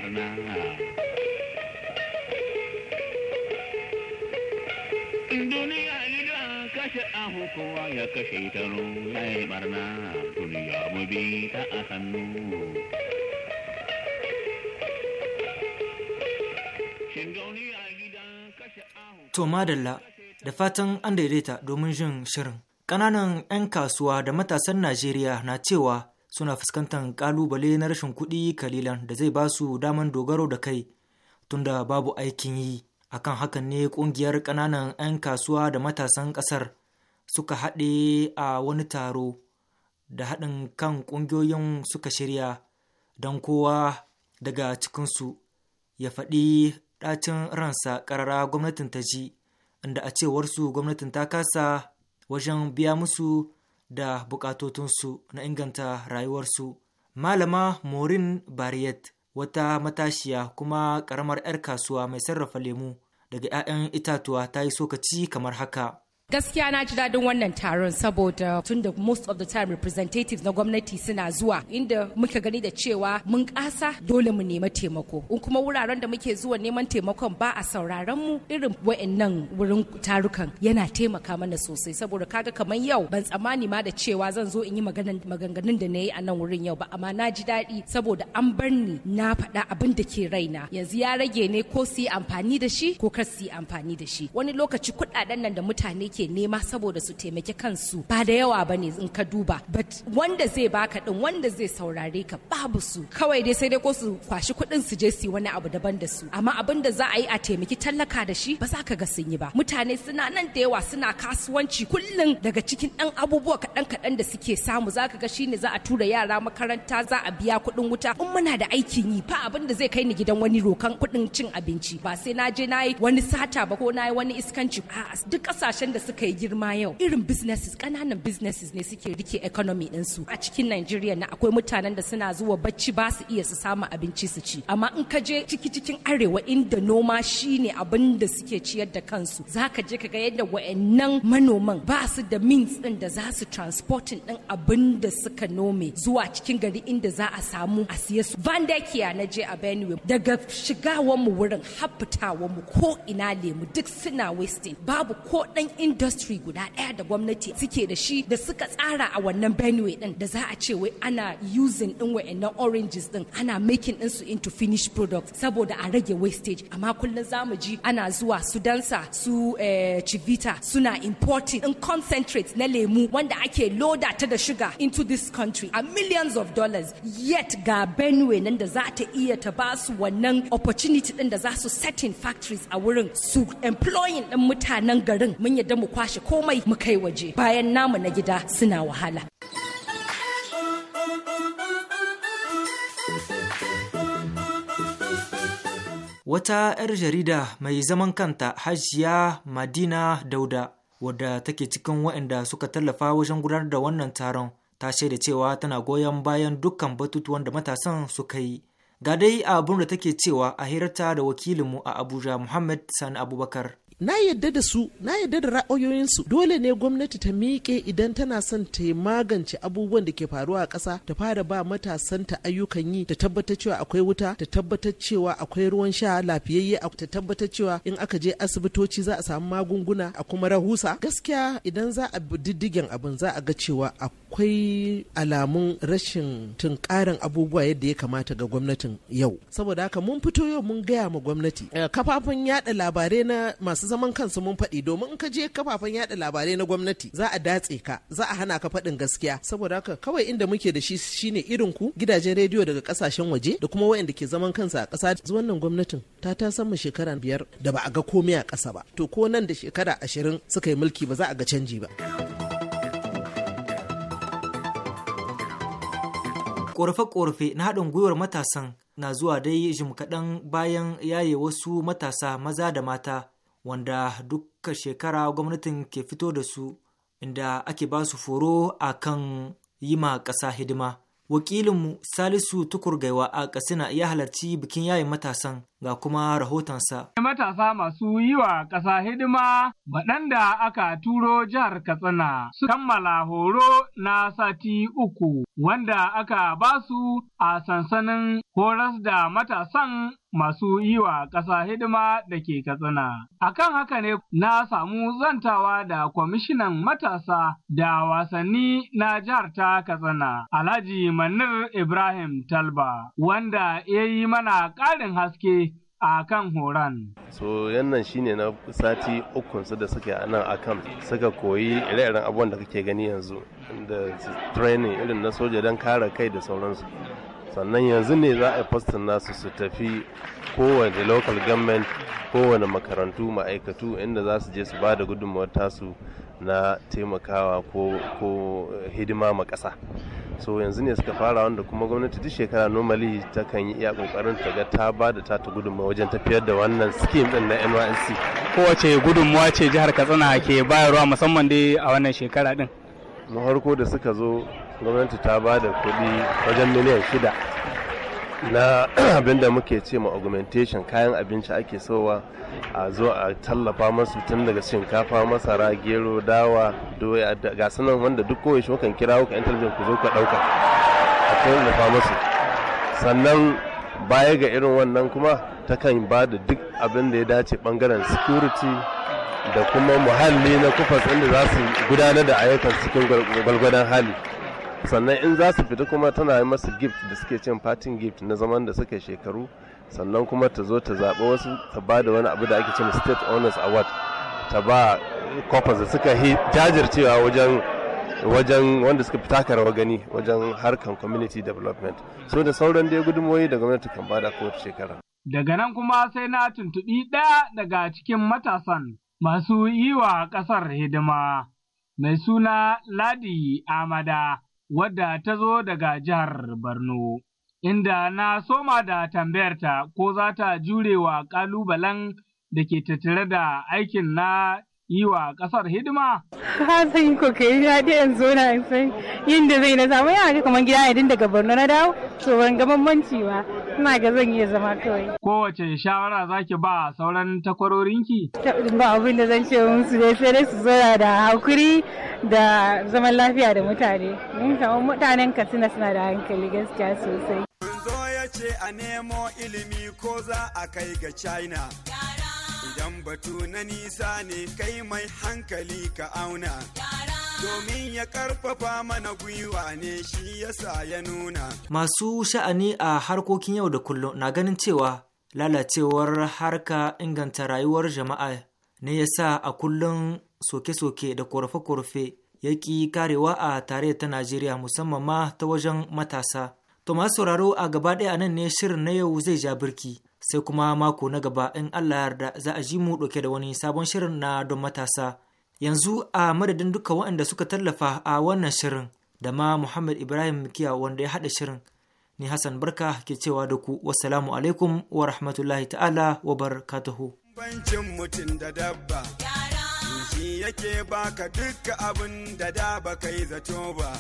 [SPEAKER 11] barna duniya mu bi ta a hannu To
[SPEAKER 1] madalla da fatan an daidaita domin jin shirin. Ƙananan 'yan kasuwa da matasan Najeriya na cewa suna fuskantar ƙalubale na rashin kuɗi kalilan da zai ba su daman dogaro da kai tunda babu aikin yi. Akan hakan ne ƙungiyar ƙananan 'yan kasuwa da matasan ƙasar suka haɗe a wani taro da haɗin kan ƙungiyoyin suka shirya don kowa daga cikinsu ya faɗi ɗacin ransa ƙarara gwamnatin ta ji inda a cewarsu gwamnatin ta kasa wajen biya musu da bukatotunsu na inganta rayuwarsu malama maureen bariyet wata matashiya kuma ƙaramar 'yar kasuwa mai sarrafa lemu daga 'ya'yan itatuwa ta yi sokaci kamar haka
[SPEAKER 12] Gaskiya na ji daɗin wannan taron saboda tun da most of the time representatives na gwamnati suna zuwa inda muke gani da cewa mun ƙasa dole mu nema taimako. In kuma wuraren da muke zuwa neman taimakon ba a sauraron mu irin wa'annan wurin tarukan yana taimaka mana sosai saboda kaga kamar yau ban tsammani ma da cewa zan zo in yi maganganun da na yi a nan wurin yau ba amma na ji daɗi saboda an bar ni na faɗa abin da ke raina yanzu ya rage ne ko su yi amfani da shi ko kar su yi amfani da shi wani lokaci kuɗaɗen nan da mutane suke nema saboda su taimaki kansu ba da yawa ba ne in ka duba but wanda zai baka din wanda zai saurare ka babu su kawai dai sai dai ko su kwashi kuɗin su je su wani abu daban da su amma abin da za a yi a taimaki tallaka da shi ba za ka ga sun yi ba mutane suna nan da yawa suna kasuwanci kullum daga cikin ɗan abubuwa kaɗan kaɗan da suke samu za ka ga shine za a tura yara makaranta za a biya kuɗin wuta in muna da aikin yi fa abin da zai kai ni gidan wani rokan kuɗin cin abinci ba sai na je na yi wani sata ba ko na yi wani iskanci a duk ƙasashen da suka yi girma yau irin businesses kananan businesses ne suke rike economy ɗinsu a cikin nigeria na akwai mutanen da suna zuwa bacci ba su iya su samu abinci su ci amma in ka je ciki cikin arewa inda noma shine abin da suke ciyar da kansu zaka je ka ga yadda wayannan manoman ba su da means din da za su transporting din abin da suka nome zuwa cikin gari inda za a samu a siye su van na je a Benue daga shigawar mu wurin har mu ko ina lemu duk suna wasting babu ko dan inda industry guda ɗaya da gwamnati suke da shi da suka tsara a wannan benue din da za a ce wai ana using din wa'annan oranges din ana making din su into finished product saboda a rage wastage amma kullum zamu ji ana zuwa su dansa su eh, civita suna importing in concentrate na lemu wanda ake loda ta da sugar into this country a millions of dollars yet ga benue nan da za ta iya ta ba su wannan opportunity din da za su setting factories a wurin su employing din mutanen garin mun yadda mu mu kwashe komai mu kai waje bayan namu na gida suna wahala
[SPEAKER 1] Wata 'yar jarida mai zaman kanta Hajiya Madina Dauda wadda take cikin waɗanda suka tallafa wajen gudanar da wannan taron ta shaida cewa tana goyon bayan dukkan batutuwan da matasan suka yi ga dai abin da take cewa a hirarta da wakilinmu a abuja muhammad sani abubakar na yadda
[SPEAKER 6] da su na yadda da ra'ayoyinsu dole ne gwamnati ta miƙe idan tana son ta magance abubuwan da ke faruwa a ƙasa ta fara ba matasanta ayyukan yi ta tabbatar cewa akwai wuta ta tabbatar cewa akwai ruwan sha lafiyayye ta tabbatar cewa in aka je asibitoci za a samu magunguna a kuma rahusa gaskiya idan za a diddigen abin za a ga cewa akwai alamun rashin tunkarin abubuwa yadda ya kamata ga gwamnatin yau saboda haka mun fito yau mun gaya ma gwamnati eh, kafafun yada labarai na masu masu zaman kansu mun faɗi domin in ka je kafafen yada labarai na gwamnati za a datse ka za a hana ka faɗin gaskiya saboda haka kawai inda muke da shi shine irin ku gidajen rediyo daga kasashen waje da kuma wayanda ke zaman kansa a ƙasa wannan gwamnatin ta ta mu shekara biyar da ba a ga komai a ƙasa ba to ko nan da
[SPEAKER 1] shekara ashirin suka yi mulki ba za a ga canji ba. korafe-korafe na haɗin gwiwar matasan na zuwa dai jim kaɗan bayan yaye wasu matasa maza da mata wanda duka shekara gwamnatin ke fito da su inda ake ba su foro a kan yi ma ƙasa hidima wakilinmu salisu tukur gaiwa a ƙasina ya halarci bikin yayin matasan ga kuma rahotonsa.
[SPEAKER 3] Matasa masu yi wa ƙasa hidima waɗanda aka turo jihar Katsina su kammala horo na sati uku wanda aka ba su a sansanin horas da matasan masu yi wa ƙasa hidima da ke Katsina. A kan haka ne na samu zantawa da kwamishinan matasa da wasanni na jihar ta Katsina, Alhaji Manir Ibrahim Talba, wanda ya yi mana ƙarin haske a kan horon.
[SPEAKER 11] So yannan shine na sati su da suke a nan akan suka koyi ire-iren abubuwan da kake gani yanzu da training irin na soja don kare kai da sauransu. sannan yanzu ne za a fastin nasu su tafi kowane local government kowane makarantu ma'aikatu inda za su je su ba da gudunmawar tasu na taimakawa ko, ko hidima ma ƙasa so yanzu ne suka fara wanda kuma gwamnati duk shekara normally ta kan yi iya kokarin ta ga ta ba da tata gudunmawa wajen tafiyar da wannan scheme din na NYSC kowace gudunmawa
[SPEAKER 3] ce jihar Katsina ke bayarwa musamman
[SPEAKER 11] dai a wannan shekara din Mu harko da suka zo gwamnati ta ba da kuɗi wajen miliyan shida na abin da muke ce ma augmentation kayan abinci ake sowa a zo a tallafa masu tun daga shinkafa masara gero dawa doya ga nan wanda duk kowai shokan kira ka intelligent ku zo ka dauka a tallafa masu sannan baya ga irin wannan kuma ta kan ba da duk abin da ya dace bangaren security da kuma muhalli na kufas inda za su gudanar da ayyukan cikin gwalgwadon hali sannan in za su fita kuma tana yi masu gift da suke cin fatin gift na zaman da suka shekaru sannan kuma ta zo ta zaɓi wasu ta ba da wani abu da ake cin state Owners award ta ba couples da suka jajircewa wajen wajen wanda suka fi taka rawa gani wajen harkan community development so da sauran dai gudunmoyi da gwamnati kan bada kowace shekara
[SPEAKER 3] daga nan kuma sai na tuntuɓi ɗaya daga cikin matasan masu yi wa ƙasar hidima mai suna ladi amada wadda ta zo daga jihar Borno. Inda na soma da tambayarta ko za ta jure wa ƙalubalen da ke tattare da aikin na yi wa kasar hidima. Ha zan yi kokari na da yanzu na san da
[SPEAKER 1] zai na samu yana ga kamar gida idan daga Borno na dawo to ban ga ba ina ga zan iya zama kawai.
[SPEAKER 5] Kowace shawara
[SPEAKER 3] zaki ba sauran takwarorinki?
[SPEAKER 5] Ba abin da zan ce musu dai sai dai su zo da hakuri da zaman lafiya da mutane. Mun samu mutanen Katsina suna da hankali gaskiya sosai. Mun
[SPEAKER 13] zo ya ce a nemo
[SPEAKER 14] ilimi ko za a kai ga China. Idan batu na nisa ne kai mai hankali ka auna. Domin ya karfafa mana gwiwa ne shi yasa ya nuna.
[SPEAKER 1] Masu sha'ani a harkokin yau da kullum na ganin cewa lalacewar harka inganta rayuwar jama'a ne yasa a kullum soke-soke da korafe-korafe ya ƙi karewa a tare ta Najeriya musamman ma ta wajen matasa. To masu sauraro a gaba ɗaya nan ne shirin na yau zai ja birki sai kuma mako na gaba in Allah yarda za a ji mu ɗauke da wani sabon shirin na don matasa. Yanzu a madadin duka waɗanda suka tallafa a wannan shirin da ma Muhammad Ibrahim Mikiya wanda ya haɗa shirin. Ni Hassan Barka ke cewa da ku wassalamu alaikum wa rahmatullahi ta'ala wa barakatuhu.
[SPEAKER 14] Bancin mutum da dabba. Shi baka duka abin da da zato ba.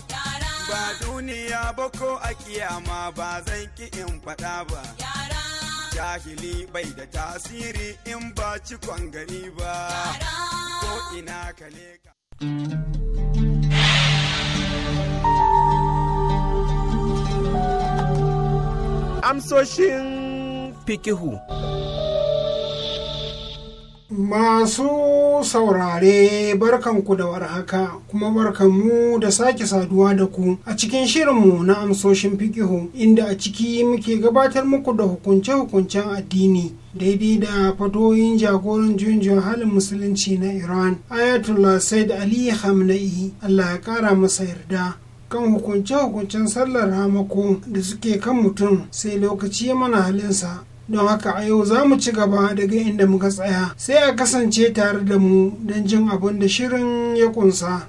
[SPEAKER 14] Ba duniya ba ko a kiyama ba zan ki in faɗa ba. Yara. jahili bai da tasiri in ba ci gani ba ko ina kale ka
[SPEAKER 2] amsoshin fikihu Masu saurare barkanku da warhaka kuma barkanmu da sake saduwa da ku a cikin shirinmu na amsoshin fikihu inda a ciki muke gabatar muku da hukunce-hukuncen addini daidai da fatoyin jagoran junjun halin musulunci na Iran Ayatollah Said Ali Hamna'i Allah ya kara masa yarda kan hukunce-hukuncen sallar ramako da suke kan mutum sai lokaci mana halinsa don haka a yau za mu ci gaba daga inda muka tsaya sai a kasance tare da mu don jin abin da shirin ya kunsa.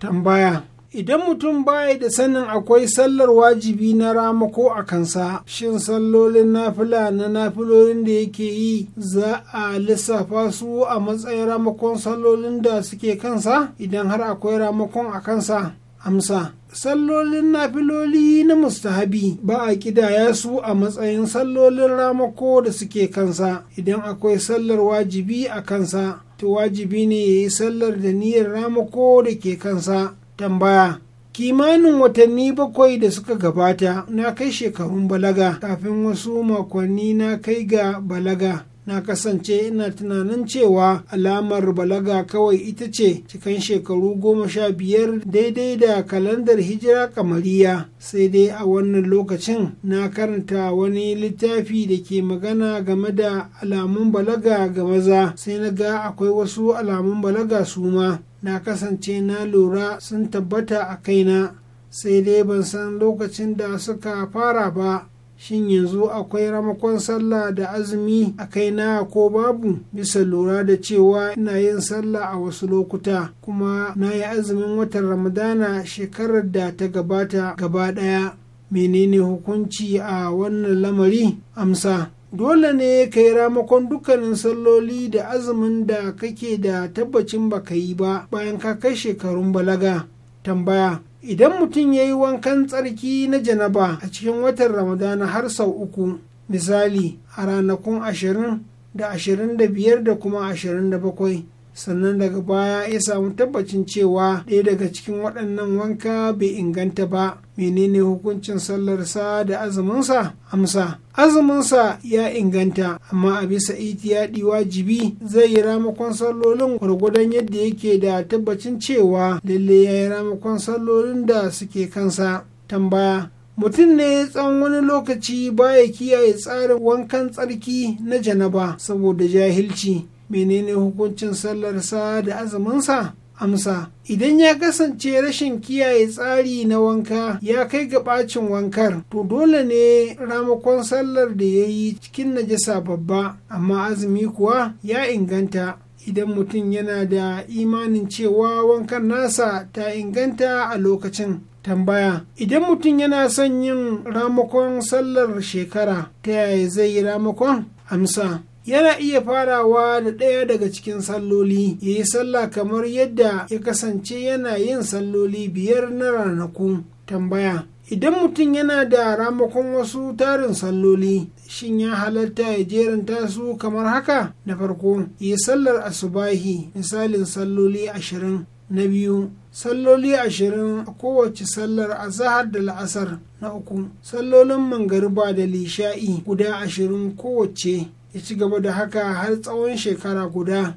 [SPEAKER 2] tambaya idan mutum baya da sanin akwai sallar wajibi na ramako a kansa shin sallolin nafila na nafilolin da yake yi za a lissafa su a matsayin ramakon sallolin da suke kansa idan har akwai ramakon a kansa amsa sallolin nafiloli na mustahabi ba a kidaya su a matsayin sallolin ramako da suke kansa idan akwai sallar wajibi a kansa to wajibi ne ya yi sallar da niyyar ramako da ke kansa tambaya kimanin watanni bakwai da suka gabata na kai shekarun balaga kafin wasu makonni na kai ga balaga na kasance ina tunanin cewa alamar balaga kawai ita ce cikin shekaru goma sha biyar daidai da kalandar hijira kamariya sai dai a wannan lokacin na karanta wani littafi da ke magana game da alamun balaga ga maza sai na ga akwai wasu alamun balaga su ma na kasance na lura sun tabbata a kaina sai dai ban san lokacin da suka fara ba shin yanzu akwai ramakon sallah da azumi a kaina ko babu bisa lura da cewa ina yin sallah a wasu lokuta kuma na yi azumin watan ramadana shekarar da ta gabata gaba ɗaya menene hukunci a wannan lamari amsa dole ne ka yi ramakon dukkanin salloli da azumin da kake da tabbacin baka yi ba bayan ka kai shekarun balaga tambaya idan mutum ya yi wankan tsarki na janaba a cikin watan ramadana har sau uku misali a ranakun ashirin da ashirin da biyar da kuma ashirin da bakwai sannan daga baya ya samu tabbacin cewa ɗaya daga cikin waɗannan wanka bai inganta ba menene hukuncin sallarsa da azuminsa amsa azuminsa ya inganta amma a bisa itiyaɗi wajibi zai yi ramakon sallolin gwargwadon yadda yake da tabbacin cewa lalle ya yi ramakon sallolin da suke kansa tambaya mutum ne tsawon wani lokaci baya kiyaye tsarin wankan tsarki na janaba saboda jahilci menene hukuncin sallarsa da azuminsa amsa idan ya kasance rashin kiyaye tsari na wanka ya kai ga bacin wankar to dole ne ramakon sallar da ya yi cikin najasa babba amma azumi kuwa ya inganta idan mutum yana da imanin cewa wankan nasa ta inganta a lokacin tambaya idan mutum yana son yin ramakon sallar shekara ta yaya zai yi ramakon amsa yana iya farawa da ɗaya daga cikin salloli ya yi sallah kamar yadda ya kasance yana yin salloli biyar na ranaku tambaya idan mutum yana da ramakon wasu tarin salloli shin ya halatta ya jeranta su kamar haka na farko ya yi sallar asubahi misalin salloli ashirin na biyu salloli ashirin a kowace sallar azahar da la'asar na uku sallolin mangariba da lisha'i guda ashirin kowace ya ci gaba da haka har tsawon shekara guda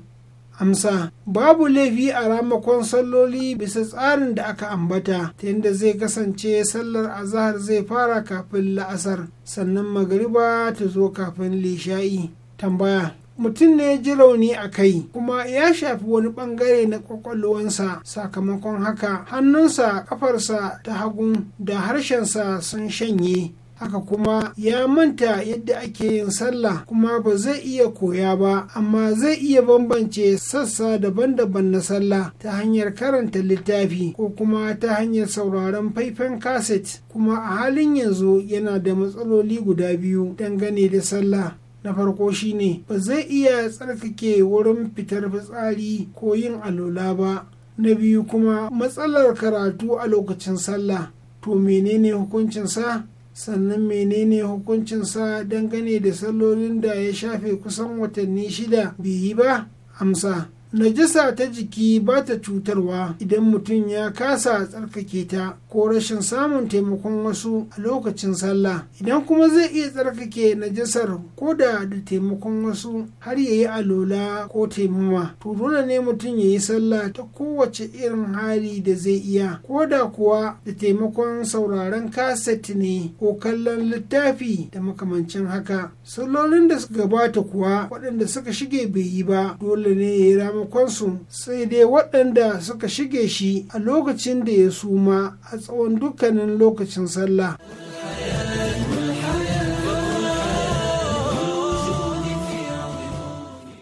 [SPEAKER 2] amsa babu laifi a ramakon salloli bisa tsarin da aka ambata ta yadda zai kasance sallar azahar zai fara kafin la'asar sannan magariba ta zo kafin lishai tambaya mutum ne ji rauni a kai kuma ya shafi wani bangare na kwakwalwansa sakamakon haka hannunsa kafarsa ta hagun da harshensa sun shanye haka kuma ya manta yadda ake yin sallah kuma ba zai iya koya ba amma zai iya bambance sassa daban-daban na sallah ta hanyar karanta littafi ko kuma ta hanyar sauraron faifan kaset kuma a halin yanzu yana da matsaloli guda biyu dangane da sallah na farko shine ba zai iya tsarkake wurin fitar fitsari ko yin alola ba na biyu kuma matsalar karatu a lokacin sallah to menene hukuncin sa? sannan menene hukuncin sa dangane da sallolin da ya shafe kusan watanni shida bai yi ba amsa najasa ta jiki ba ta cutarwa idan mutum ya kasa tsarkake ta ko rashin samun taimakon wasu a lokacin sallah idan kuma zai iya tsarkake najasar ko da da taimakon wasu har ya yi alola ko taimama to dole ne mutum ya yi sallah ta kowace irin hali da zai iya ko da kuwa da taimakon sauraron kaset ne ko kallon littafi da makamancin haka sallolin da suka gabata kuwa waɗanda suka shige bai yi ba dole ne ya yi sakamakonsu sai dai waɗanda suka shige shi a lokacin da ya suma a tsawon dukkanin lokacin sallah.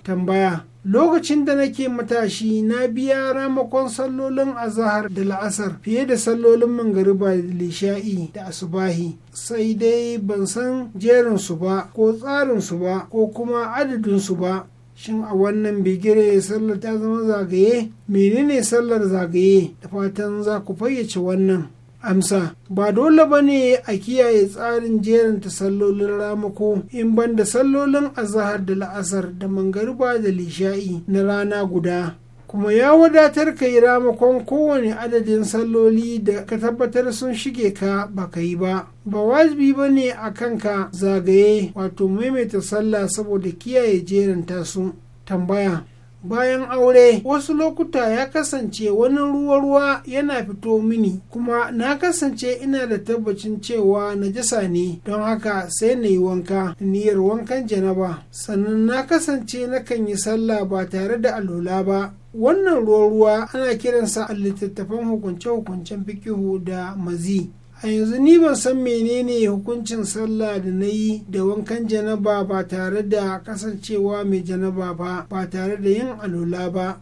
[SPEAKER 2] tambaya lokacin da nake matashi na biya ramakon sallolin azahar da la'asar fiye da sallolin mangariba da lisha'i da asubahi sai dai ban san jerinsu ba ko tsarinsu ba ko kuma adadinsu ba shin a wannan bigire sallar ta zama zagaye menene sallar zagaye da fatan za ku fayyace wannan amsa ba dole ba ne a kiyaye tsarin jeranta sallolin ramako in banda sallolin azahar da la'asar da mangariba da lishai na rana guda kuma ya wadatar ka yi ramakon kowane adadin salloli da ka tabbatar sun shige ka ba ka yi ba ba wajibi ba ne a kanka zagaye wato maimaita sallah saboda kiyaye jerin tasu tambaya bayan aure wasu lokuta ya kasance wani ruwa-ruwa yana fito mini kuma na kasance ina da tabbacin cewa na jisa ne don haka sai na yi wanka niyyar wankan janaba sannan na kasance na kan yi sallah ba tare da alola ba wannan ruwa-ruwa ana kiransa a littattafan hukunce-hukuncen fikihu da mazi a yanzu ni ban san menene hukuncin sallah da na yi da wankan janaba ba tare da kasancewa mai janaba ba ba tare da yin alola ba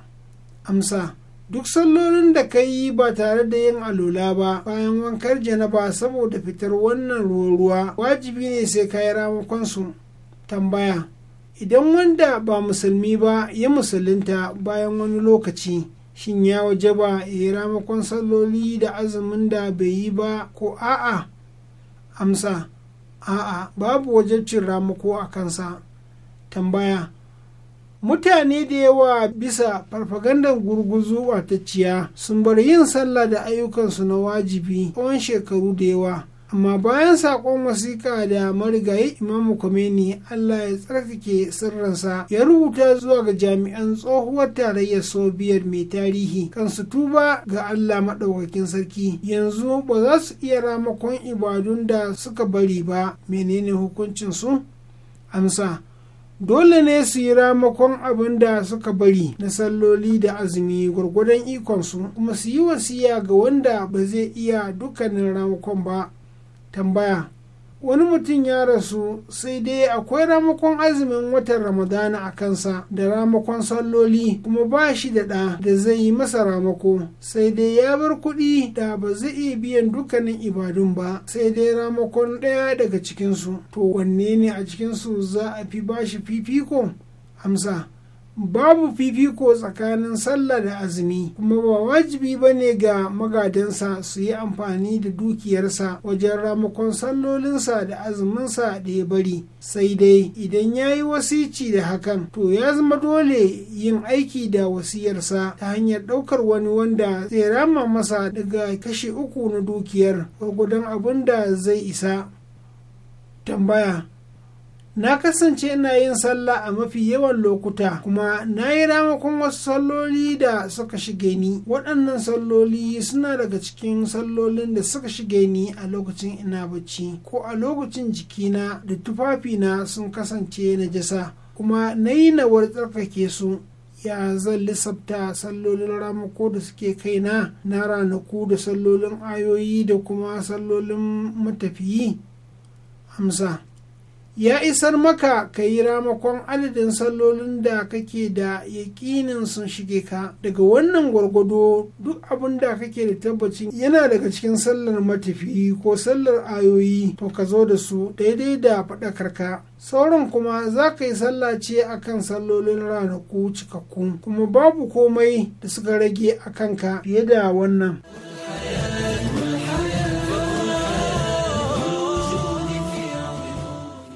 [SPEAKER 2] amsa duk sallolin da ka yi ba tare da yin alola ba bayan wankar janaba saboda fitar wannan ruwa wajibi ne sai ka yi ramakonsu tambaya idan wanda ba musulmi ba ya musulunta bayan wani lokaci shin ya waje ba ya ramakon salloli da azumin da bai yi ba ko a'a amsa a'a babu wajabcin ramako a kansa tambaya mutane da yawa bisa farfagandar gurguzu watacciya sun bar yin sallah da ayyukansu na wajibi tsawon shekaru da yawa amma bayan saƙon wasiƙa da marigayi imamu kwameni Allah ya tsarkake sirrinsa ya rubuta zuwa ga jami'an tsohuwar tarayyar sobiyar mai tarihi kan su tuba ga Allah maɗaukakin sarki yanzu ba za su iya ramakon ibadun da suka bari ba menene hukuncin su amsa dole ne su yi ramakon abin da suka bari na salloli da azumi gwargwadon ikonsu kuma su yi wasiya ga wanda ba zai iya dukkanin ramakon ba tambaya wani mutum ya rasu sai dai akwai ramakon azumin watan ramadana a kansa da ramakon salloli kuma ba shi da ɗa da zai yi masa ramako sai dai ya bar kuɗi da ba zai iya biyan dukkanin ibadun ba sai dai ramakon ɗaya daga cikinsu to wanne ne a cikinsu za a fi ba shi fifiko amsa babu fifiko tsakanin sallah da azumi kuma ba wajibi ba ne ga magadansa su yi amfani da dukiyarsa wajen ramakon sallolinsa da azuminsa da ya bari sai dai idan ya yi wasici da hakan to ya zama dole yin aiki da wasiyarsa ta hanyar ɗaukar wani wanda zai rama masa daga kashe uku na dukiyar gwargwadon abin da zai isa tambaya na kasance ina yin sallah a mafi yawan lokuta kuma na yi ramakon wasu salloli da suka shige ni waɗannan salloli suna daga cikin sallolin da suka shige ni a lokacin ina bacci ko a lokacin jikina da tufafina sun kasance na jasa kuma na yi nawar tsarkake su ya zan lissafta sallolin ramako da suke kaina na ranaku da sallolin ayoyi da kuma sallolin matafiyi amsa ya isar maka ka yi ramakon adadin sallolin da kake da yaƙinin sun shige ka daga wannan gwargwado duk abin da kake da tabbaci yana daga cikin sallar matafiyi ko sallar ayoyi to ka zo da su daidai da faɗakarka sauran kuma za ka yi sallah ce akan sallolin ranaku cikakku kuma babu komai da suka rage a kanka fiye da wannan.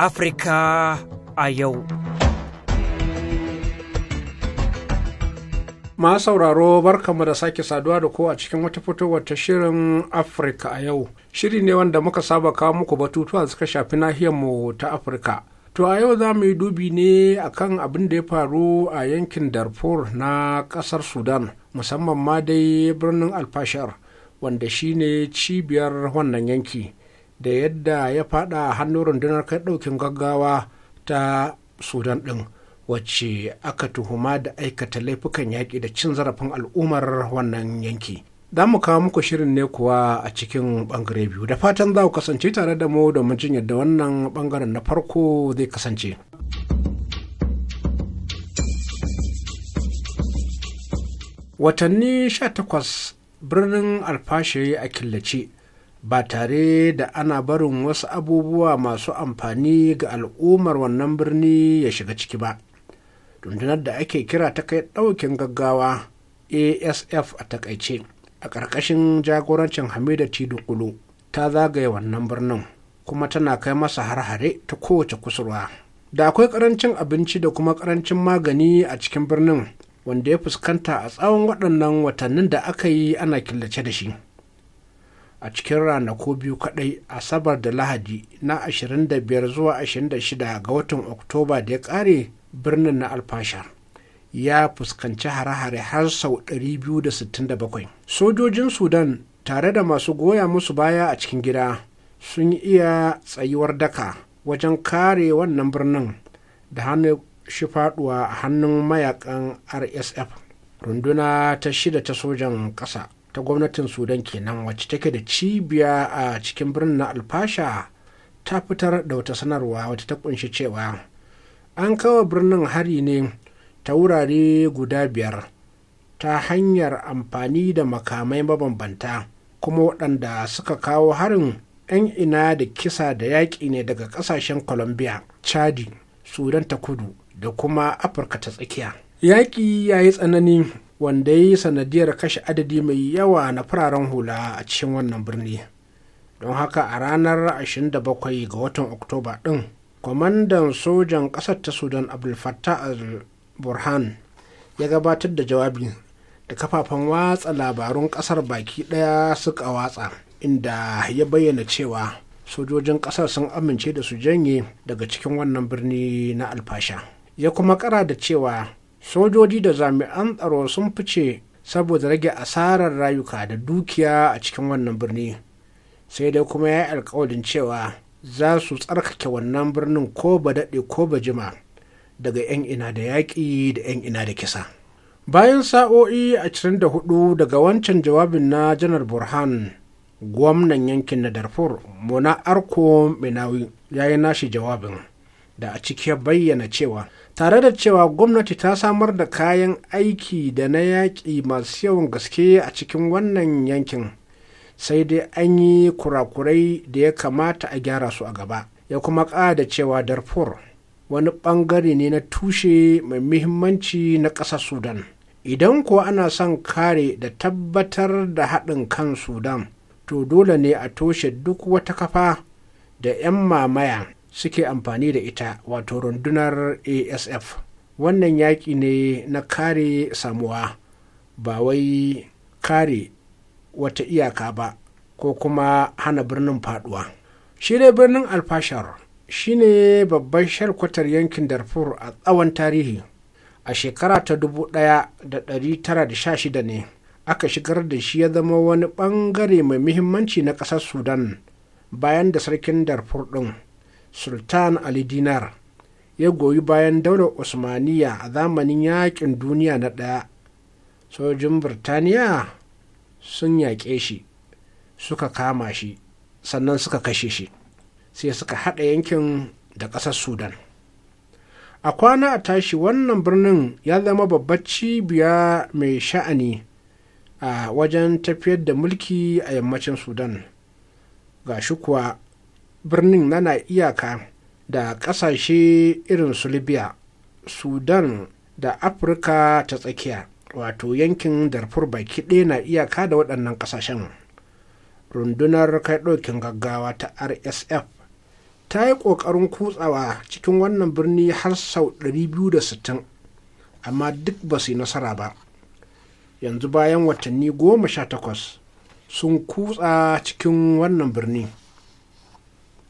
[SPEAKER 1] Afirka a yau.
[SPEAKER 6] Ma sauraro barkamu da sake saduwa da ko a cikin wata fitowar ta shirin Afirka a yau. Shiri ne wanda muka saba kawo muku batutuwa suka shafi nahiyarmu ta Afirka. To a yau za mu yi dubi ne akan abin da ya faru a yankin Darfur na ƙasar Sudan, musamman ma dai birnin Alfashar, wanda shine cibiyar wannan yanki. da yadda ya fada hannun rundunar kai daukin gaggawa ta sudan din wacce aka tuhuma da aikata laifukan yaƙi da cin zarafin al'ummar wannan yanki za mu kawo muku shirin ne kuwa a cikin bangare biyu da fatan za ku kasance tare da mu domin jin yadda wannan bangaren na farko zai kasance watanni 18 birnin alfashe a killace ba tare da ana barin wasu abubuwa masu amfani ga al'ummar wannan birni ya shiga ciki ba rundunar da ake kira ta kai ɗaukin gaggawa asf a takaice a ƙarƙashin jagorancin hamida tidukulu ta zagaye wannan birnin kuma tana kai masa harhare ta kowace kusurwa da akwai ƙarancin abinci da kuma ƙarancin magani a cikin birnin wanda ya fuskanta a tsawon waɗannan watannin da aka yi ana killace da shi a cikin ranaku biyu kadai asabar da lahadi na 25 zuwa 26 ga watan oktoba da ya kare birnin na alfasha, ya fuskanci hare-hare har sau 267 sojojin sudan tare da masu goya musu baya a cikin gida sun iya tsayuwar daka wajen kare wannan birnin da hannun shi faduwa a hannun mayakan rsf runduna ta shida ta sojan ƙasa ta gwamnatin sudan kenan wacce take da cibiya a cikin birnin na alfasha ta fitar da wata sanarwa wacce ta kunshi cewa an kawo birnin hari ne ta wurare guda biyar ta hanyar amfani da makamai mabambanta kuma waɗanda suka kawo harin 'yan ina da kisa da yaƙi ne daga ƙasashen colombia chadi sudan ta kudu da kuma afirka ta tsakiya yaƙi ya yi tsanani wanda ya yi sanadiyar kashe adadi mai yawa na fararen hula a cikin wannan birni don haka a ranar 27 ga watan oktoba ɗin kwamandan sojan ƙasar ta sudan abdulfattah al-burhan ya gabatar da jawabi da kafafen watsa labarun ƙasar baki ɗaya suka watsa inda ya bayyana cewa sojojin ƙasar sun amince da su janye daga cikin wannan birni na alfasha ya kuma ƙara da cewa sojoji da jami'an tsaro sun fice saboda rage asarar rayuka da dukiya a cikin wannan birni sai dai kuma ya yi alkawarin cewa za su tsarkake wannan birnin ko ba daɗe ko ba jima daga 'yan ina da yaƙi da 'yan ina da kisa bayan sa'o'i 24 daga wancan jawabin na janar burhan gwamnan yankin na darfur mona arko minawi ya yi nashi jawabin da a ciki bayyana cewa tare da cewa gwamnati ta samar da kayan aiki da na yaƙi masu yawan gaske a cikin wannan yankin sai dai an yi kurakurai da ya kamata a gyara su a gaba ya kuma ƙada cewa darfur wani ɓangare ne na tushe mai muhimmanci na ƙasar sudan idan ko ana son kare da tabbatar da haɗin kan sudan to dole ne a toshe duk wata kafa da 'yan mamaya suke amfani da ita wato rundunar asf wannan yaƙi ne na kare samuwa ba wai kare wata iyaka ba ko kuma hana birnin faduwa shi dai birnin alfashar shi ne babban sharkwatar yankin darfur a tsawon tarihi a shekara ta 1916 ne aka shigar da shi ya zama wani bangare mai muhimmanci na ƙasar sudan bayan da sarkin darfur din. sultan ali dinar ya goyi bayan daular osmaniya a zamanin yakin duniya na ɗaya sojin birtaniya sun yaƙe shi suka kama shi sannan suka kashe shi sai suka haɗa yankin da ƙasar sudan a kwana a tashi wannan birnin ya zama babbar cibiya mai sha'ani a wajen tafiyar da mulki a yammacin sudan ga shi kuwa birnin nana iyaka da ƙasashe irin su libya sudan da afirka ta tsakiya wato yankin darfur baki ɗaya na iyaka da waɗannan ƙasashen rundunar kai ɗaukin gaggawa ta rsf ta yi ƙoƙarin kutsawa cikin wannan birni har sau 260 amma duk ba su yi nasara ba yanzu bayan watanni goma sha takwas sun kutsa cikin wannan birni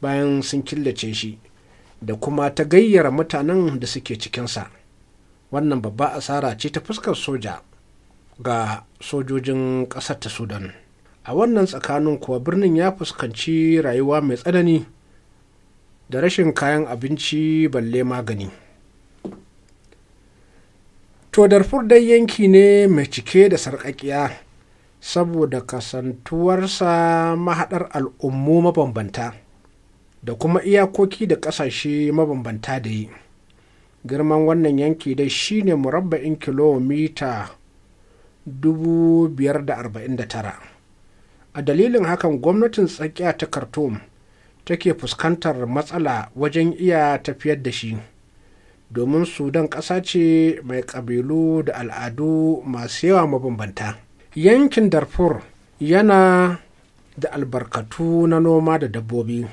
[SPEAKER 6] bayan sun killace shi da kuma ta gayyara mutanen da suke cikinsa wannan babba asara ce ta fuskar soja ga sojojin ƙasar ta sudan a wannan tsakanin kuwa birnin ya fuskanci rayuwa mai tsanani da rashin kayan abinci balle magani to darfur dai yanki ne mai cike da sarƙaƙiya saboda kasantuwarsa mahaɗar al'ummu mabambanta da kuma iyakoki da ƙasashe mabambanta da yi girman wannan yanki dai shine murabba'in kilomita 549 a dalilin hakan gwamnatin tsakiya ta khartoum take fuskantar matsala wajen iya tafiyar da shi domin sudan ƙasa ce mai ƙabilu da al'adu masu yawa mabambanta yankin darfur yana da albarkatu na noma da dabbobi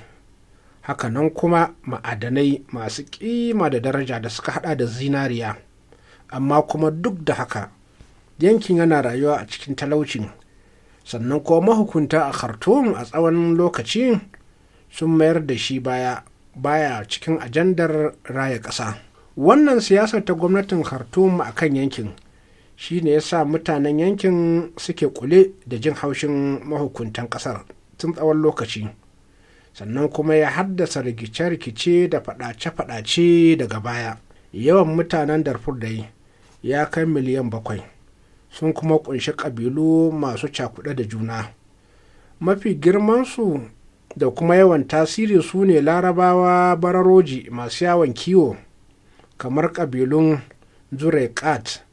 [SPEAKER 6] hakanan kuma ma'adanai masu kima da daraja da suka hada da zinariya amma kuma duk da haka yankin yana rayuwa a cikin talaucin sannan kuma mahukunta a khartoum a tsawon lokaci sun mayar da shi baya baya cikin ajandar raya ƙasa wannan siyasar ta gwamnatin khartoum a kan yankin shi ne ya sa mutanen yankin suke kule da jin haushin mahukuntan ƙasar tun tsawon lokaci sannan kuma ya haddasa rikice-rikice da faɗace-faɗace daga baya yawan mutanen darfur da yi ya kai miliyan bakwai sun kuma kunshi ƙabilu masu cakuɗe da juna mafi girmansu da kuma yawan tasiri su ne larabawa bararoji masu yawon kiwo kamar ƙabilun zurekat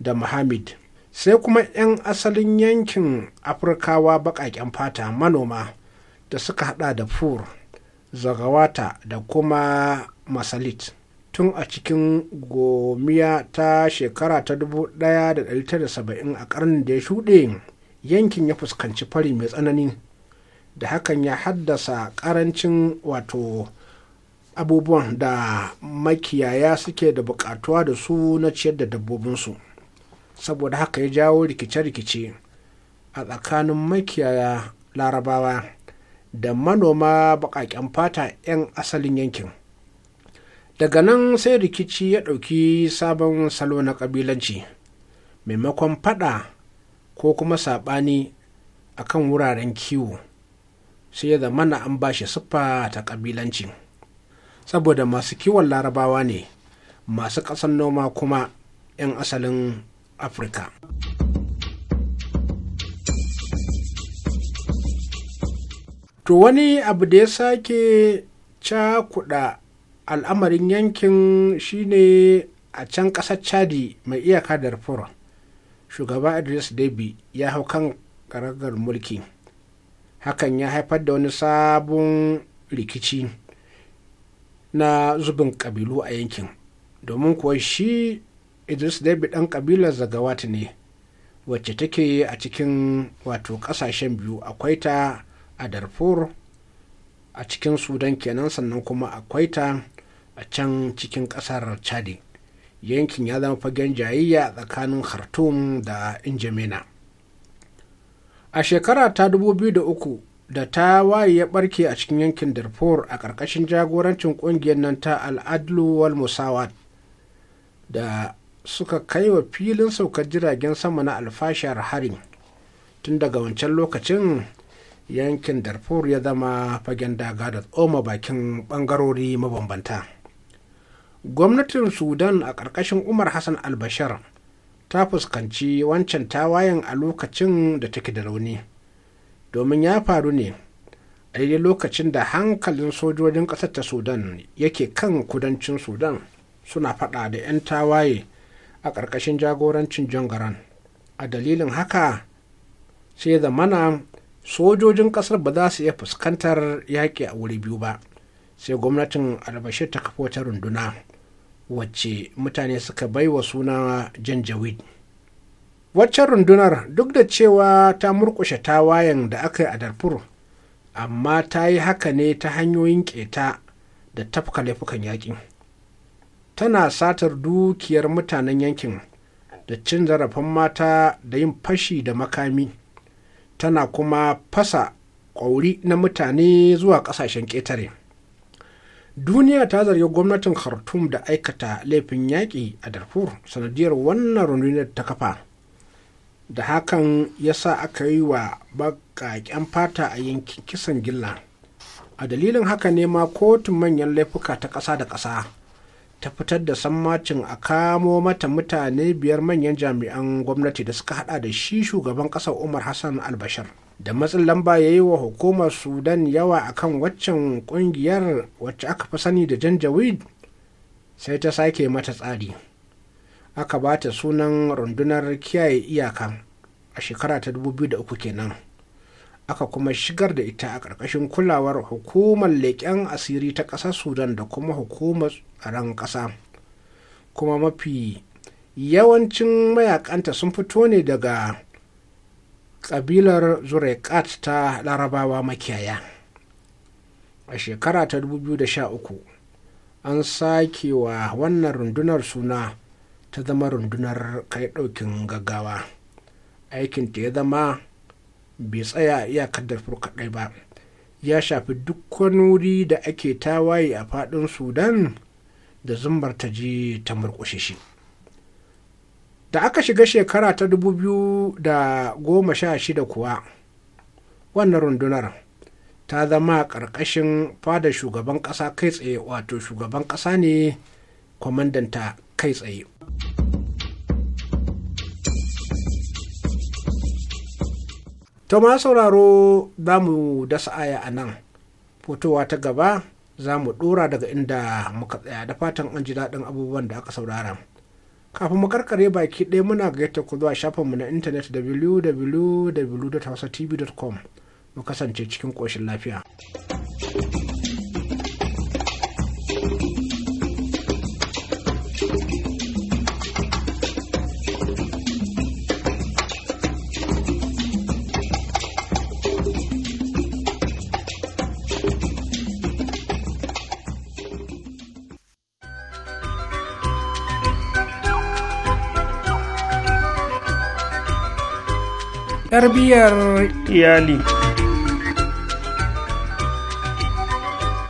[SPEAKER 6] da muhammad sai kuma 'yan asalin yankin afirkawa baƙaƙen fata manoma da suka hada da fur zagawata da kuma masalit tun a cikin gomiya ta shekara ta 1970 a karnin da ya shuɗe yankin ya fuskanci fari mai tsanani da hakan ya haddasa karancin wato abubuwan da makiyaya suke da bukatuwa da su na ciyar da dabbobinsu saboda haka ya jawo rikice-rikice a tsakanin makiyaya larabawa da manoma baƙaƙen fata 'yan asalin yankin daga nan sai rikici ya ɗauki sabon salo na ƙabilanci maimakon fada ko kuma saɓani a kan wuraren kiwo sai ya zamana an bashi shi siffa ta ƙabilanci saboda masu kiwon larabawa ne masu ƙasan noma kuma 'yan asalin afirka. to wani abu da ya sake cakuɗa al'amarin yankin shine a can ƙasar chadi mai iyaka da rufura shugaba idris debi ya hau kan karagar mulki hakan ya haifar da wani sabon rikici na zubin ƙabilu a yankin domin kuwa shi idris debi ɗan ƙabilar zagawat ne wacce take a cikin wato ƙasashen biyu akwai ta a darfur a cikin sudan kenan sannan kuma a kwaita a can cikin kasar chadi yankin ya zama fagen jayayya tsakanin khartoum da injamena a shekara ta 2003 da ta waye ya barke a cikin yankin darfur a ƙarƙashin jagorancin ƙungiyar nan ta al'adlu wal musawat da suka kai wa filin saukar jiragen sama na alfashar harin tun daga wancan lokacin yankin darfur ya zama fagen daga da tsoma bakin bangarori mabambanta gwamnatin sudan a ƙarƙashin umar hassan albashar ta fuskanci wancan tawayen a lokacin da take da rauni domin ya faru ne a daidai lokacin da hankalin sojojin ƙasar ta sudan yake kan kudancin sudan suna faɗa da 'yan tawaye a ƙarƙashin jagorancin john garan a dalilin haka sai zamana sojojin kasar ba za su iya fuskantar yaƙi a wuri biyu ba sai gwamnatin albashir ta kafa wata runduna wacce mutane suka bai wa suna janjawid waccan rundunar duk da cewa ta murkushe tawayen da aka yi a darfur amma ta yi haka ne ta hanyoyin keta da tafka laifukan yaƙi tana satar dukiyar mutanen yankin da cin zarafin mata da yin fashi da makami tana kuma fasa ƙwauri na mutane zuwa ƙasashen ƙetare duniya ta zargi gwamnatin khartoum da aikata laifin yaƙi a darfur sanadiyar wannan rundunar ta kafa da hakan ya sa aka yi wa baƙaƙen fata a yankin kisan gilla a dalilin haka ne ma kotun manyan laifuka ta ƙasa da ƙasa ta fitar da sammacin a kamo mata mutane biyar manyan jami'an gwamnati da suka hada da shi shugaban kasar umar hassan albashar da matsin lamba ya yi wa hukumar sudan yawa akan waccan kungiyar wacce aka fi sani da janjaweed sai ta sake mata tsari aka ba ta sunan rundunar kiyaye iyaka a shekara ta 2003 kenan aka kuma shigar da ita a ƙarƙashin kulawar hukumar leƙen asiri ta ƙasar sudan da kuma hukumar tsaron ƙasa kuma mafi yawancin mayakanta sun fito ne daga ƙabilar zurekat ta larabawa makiyaya a shekara ta 2013 an sake wa wannan rundunar suna ta zama rundunar kai ɗaukin gaggawa aikinta ya zama bai tsaya a iyakar darfur kaɗai ba ya shafi duk wuri da ake tawaye a faɗin sudan da zumbar ta je ta murkushe shi da aka shiga shekara ta dubu biyu da goma sha shida kuwa wannan rundunar ta zama ƙarƙashin fada shugaban ƙasa kai tsaye wato shugaban ƙasa ne kwamandanta kai tsaye. ta ma sauraro za mu dasa aya a nan fotowa ta gaba za mu dora daga inda muka tsaya da fatan an ji daɗin abubuwan da aka saurara kafin mu karkare baki ɗaya muna gayyata ku zuwa shafinmu na intanet www.hausatv.com mu kasance cikin ƙoshin lafiya. tarbiyyar iyali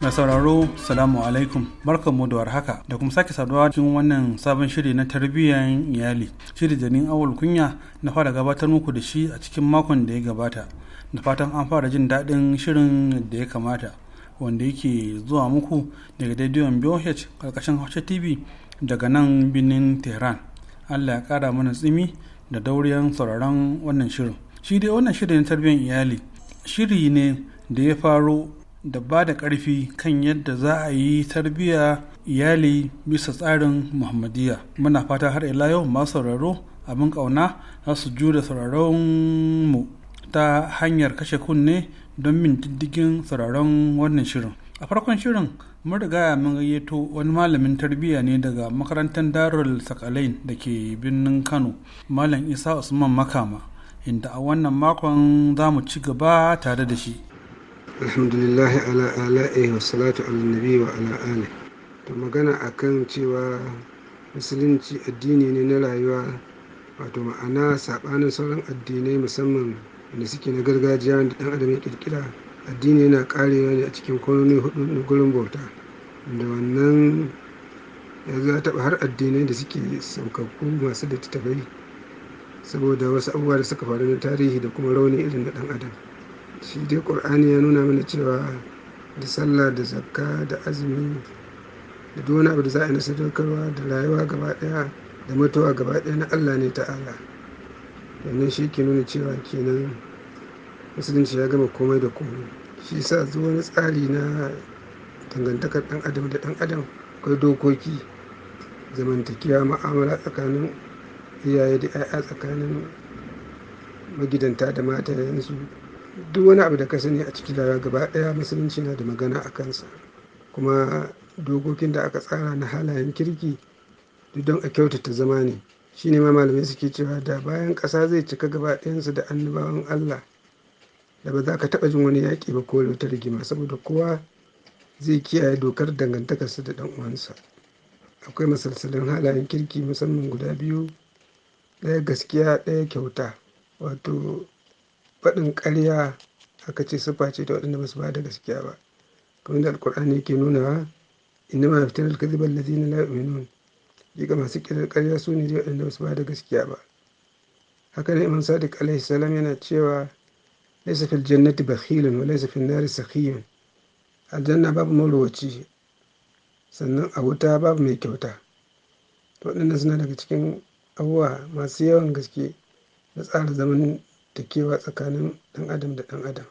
[SPEAKER 10] na sauraro salamu alaikum mu da warhaka da kuma sake saduwa cikin wannan sabon shiri na tarbiyyar iyali shiri janin awul kunya na fara gabatar muku da shi a cikin makon da ya gabata na fatan an fara jin daɗin shirin da ya kamata wanda yake zuwa muku daga daidaiwan boh karkashin hausa tv daga nan birnin tehran allah ya kara mana tsimi da dauriyan sauraron wannan shirin shi dai wannan shirin tarbiyyar iyali shiri ne da ya faro da ba da ƙarfi kan yadda za a yi tarbiyya iyali bisa tsarin muhammadiyya muna fata har ila yau masu sauraro abin ƙauna za su jure sauraron mu ta hanyar kashe kunne don min diddigin sauraron wannan shirin a farkon shirin mun riga mun gayyato wani malamin tarbiyya ne daga makarantar darul sakalain da ke birnin kano malam isa usman makama inda a wannan makon za mu ci gaba tare da shi
[SPEAKER 15] Alhamdulillahi ala ala'i wa salatu ala wa ala ali to magana a kan cewa musulunci addini ne na rayuwa wato ma'ana saɓanin sauran addinai musamman da suke na gargajiya da ɗan adam ya ƙirƙira addini yana ƙarewa ne a cikin kwanoni hudu na gurin bauta da wannan ya za taɓa har addinai da suke saukakku masu da saboda wasu abubuwa da suka faru na tarihi da kuma rauni irin na ɗan'adam, adam shi dai ƙur'ani ya nuna mana cewa da sallah da zakka da azumi da duwana abu da za a yi na sadaukarwa da rayuwa gaba daya da mutuwa gaba daya na allah ne ta'ala wannan shi ke nuna cewa kenan musulunci ya gama komai da komai shi sa zuwa wani tsari na dangantakar ɗan adam da ɗan adam akwai dokoki zamantakewa ma'amala tsakanin iyaye da 'ya'ya tsakanin magidanta da mata yanzu duk wani abu da ka sani a ciki lara gaba daya musulunci na da magana a kansa kuma dokokin da aka tsara na halayen kirki duk don a kyautata zama ne shine ma malamai suke cewa da bayan kasa zai cika gaba ɗayansu da annabawan allah da ba za ka taba jin wani yaƙi ba ko ta rigima saboda kowa zai kiyaye dokar dangantakarsa da ɗan uwansa akwai masalsalin halayen kirki musamman guda biyu ɗaya gaskiya ɗaya kyauta wato faɗin ƙarya aka ce sifa ce ta waɗanda ba su ba da gaskiya ba kamar da alkur'ani ke wa? Inda ma fitar da alkaziba allazina la yu'minun ga masu ƙirar ƙarya su ne zai waɗanda ba su ba da gaskiya ba haka ne imam sadiq alaihi salam yana cewa laisa fil jannati bakhilun wa laisa fil nari sakhiyun aljanna babu marwaci sannan a wuta babu mai kyauta waɗannan suna daga cikin abubuwa masu yawan gaske na tsara zaman kewa tsakanin ɗan adam da ɗan adam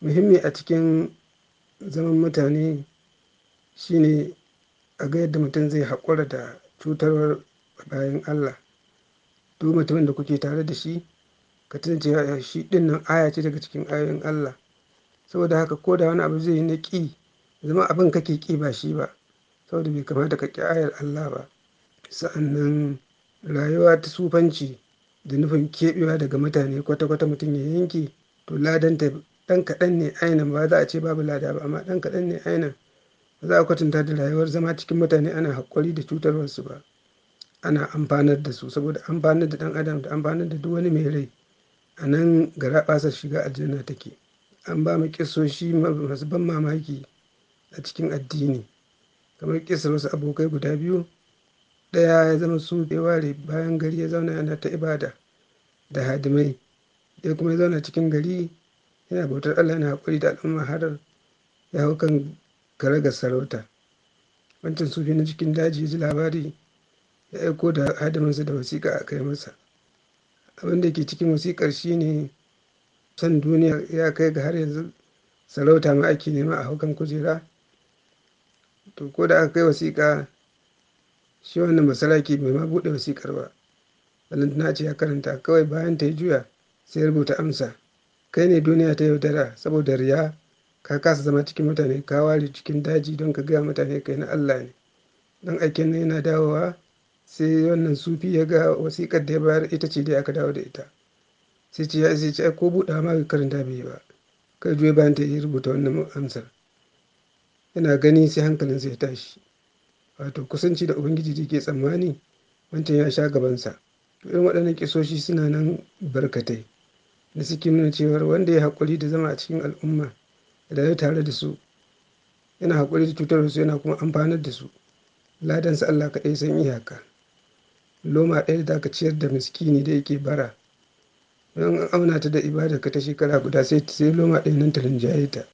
[SPEAKER 15] muhimmi a cikin zaman mutane shine a ga yadda mutum zai haƙura da cutarwar bayan allah duk mutumin da kuke tare da shi ka tuna cewa shi ɗin nan aya ce daga cikin ayoyin allah saboda haka ko da wani abu zai yi na ƙi zama abin kake ƙi ba shi ba saboda bai kamata ka ƙi ayar allah ba sa'annan rayuwa ta sufanci da nufin keɓewa daga mutane kwata-kwata mutum ya yanke to Ladan ladanta ɗan kaɗan ne ainihin ba za a ce babu lada ba amma ɗan kaɗan ne ainihin ba za a kwatanta da rayuwar zama cikin mutane ana haƙuri da cutarwarsu ba ana amfanar da su saboda amfanar da ɗan adam da amfanar da duk wani mai rai a nan gara ɓasar shiga aljanna take an ba mu ƙisoshi masu ban mamaki a cikin addini kamar ƙisar wasu abokai guda biyu ɗaya ya zama su ware bayan gari ya zauna yana ta ibada da hadimai ya kuma ya zauna cikin gari yana bautar allah yana haƙuri da al'umma har ya hau kan ga sarauta wancan sufi na cikin daji ji labari ya aiko da hadiminsa da wasiƙa a kai masa abin da ke cikin wasiƙar shine san duniya ya kai ga har yanzu sarauta ma ake nema a haukan kujera to ko da aka kai wasiƙa shi wannan masalaki bai ma buɗe wasikar ba balantana ce ya karanta kawai bayan ta yi juya sai rubuta amsa kai ne duniya ta yaudara saboda riya ka kasa zama cikin mutane ka ware cikin daji don ka gaya mutane kai na allah ne don aikin na yana dawowa sai wannan sufi ya ga wasikar da ya bayar ita ce dai aka dawo da ita sai ce ya ce ce ko buɗa ma karanta bai ba kai juya bayan ta yi rubuta wannan amsar yana gani sai hankalinsa ya tashi wato kusanci da ubangiji ke tsammani wancan ya sha gabansa irin waɗannan kisoshi suna nan barkatai da suke nuna cewar wanda ya haƙuri da zama a cikin al'umma da ya tare da su yana haƙuri da cutar su yana kuma amfanar da su ladansa Allah kaɗai san iyaka loma ɗaya da aka ciyar da miskini da yake bara don an auna ta da ibada ka ta shekara guda sai loma ɗaya nan ta rinjaye ta.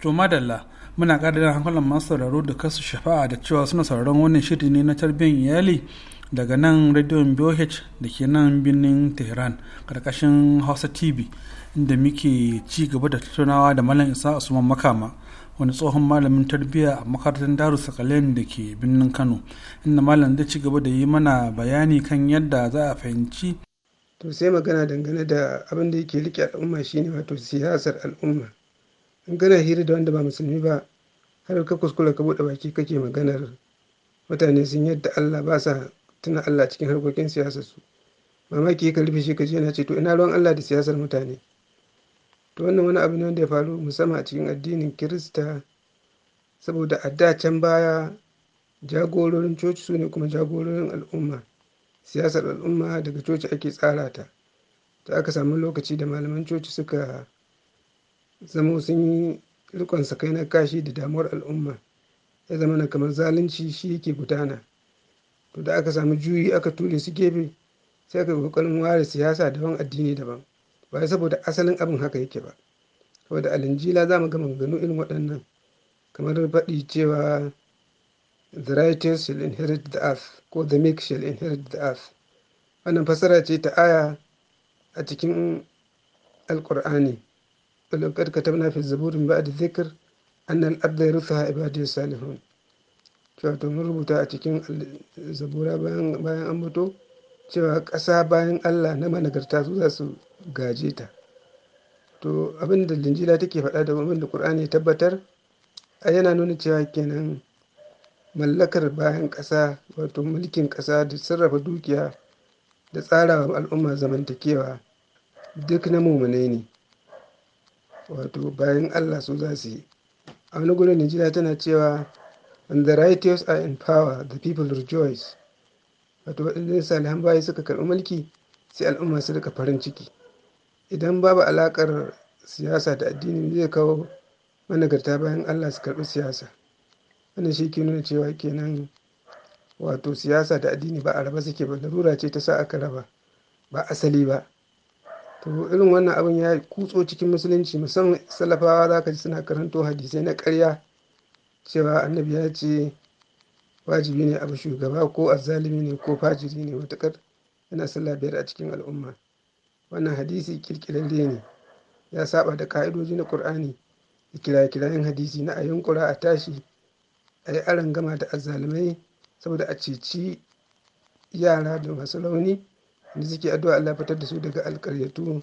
[SPEAKER 10] to madalla muna da hankalin masu sauraro da kasu shafa'a da cewa suna sauraron wannan shiri ne na tarbiyyar iyali daga nan rediyon boh da ke nan birnin tehran karkashin hausa tv inda muke ci gaba da tattaunawa da malam isa usman makama wani tsohon malamin tarbiyya a makarantar daru sakalen da ke birnin kano inda malam zai ci gaba da yi mana bayani kan
[SPEAKER 15] yadda za a fahimci to sai magana dangane da abin da yake rike al'umma shine wato siyasar al'umma in hira da wanda ba musulmi ba har ka kuskura ka bude baki kake maganar mutane sun yadda Allah ba sa tuna Allah cikin harkokin siyasar su mamaki ka rufe shi ka ce na ce to ina ruwan Allah da siyasar mutane to wannan wani abu ne wanda ya faru musamman a cikin addinin Kirista saboda a da can baya jagororin coci su ne kuma jagororin al'umma siyasar al'umma daga coci ake tsara ta ta aka samu lokaci da malaman coci suka zamo sun yi rikon sakai na kashi da damuwar al'umma ya zama na kamar zalunci shi yake gudana to da aka samu juyi aka ture su gefe sai aka kokarin ware siyasa daban addini daban ba saboda asalin abin haka yake ba saboda alinjila za mu ga maganganu irin waɗannan kamar faɗi cewa the righteous shall inherit the earth ko the meek shall inherit the earth wannan fasara ce ta aya a cikin alkur'ani ولقد كتبنا في الزبور من بعد الذكر أن الأرض يرثها wato mun rubuta a cikin zabura bayan an mutu cewa ƙasa bayan allah na managarta su zasu gaje ta to abinda da linjila take faɗa da abin da ƙur'ani tabbatar a yana nuna cewa kenan mallakar bayan ƙasa wato mulkin ƙasa da sarrafa dukiya da tsarawa al'umma zamantakewa duk na mummunai ne wato bayan allah su za su yi a wani gudun nigeria tana cewa when the righteous are in power the people rejoice wato waɗanda salihan bayi suka karɓi mulki sai al'umma su rika farin ciki idan babu alaƙar siyasa da addini zai kawo managarta bayan allah su karɓi siyasa wannan shi ke nuna cewa kenan wato siyasa da addini ba a raba suke ba larura ce ta sa aka raba ba asali ba to irin wannan abin ya kutso cikin musulunci musamman salafawa za ka ji suna karanto hadisai na karya cewa annabi ya ce wajibi ne abu shugaba ko azalimi ne ko fajiri ne matukar yana sallah biyar a cikin al'umma wannan hadisi kirkirarre ne ya saba da ka'idoji na qur'ani da kira-kirayen hadisi na a yunkura a tashi a yi gama da azalimai saboda a ceci yara da masu rauni da suke addu'a Allah fitar da su daga alƙaryatu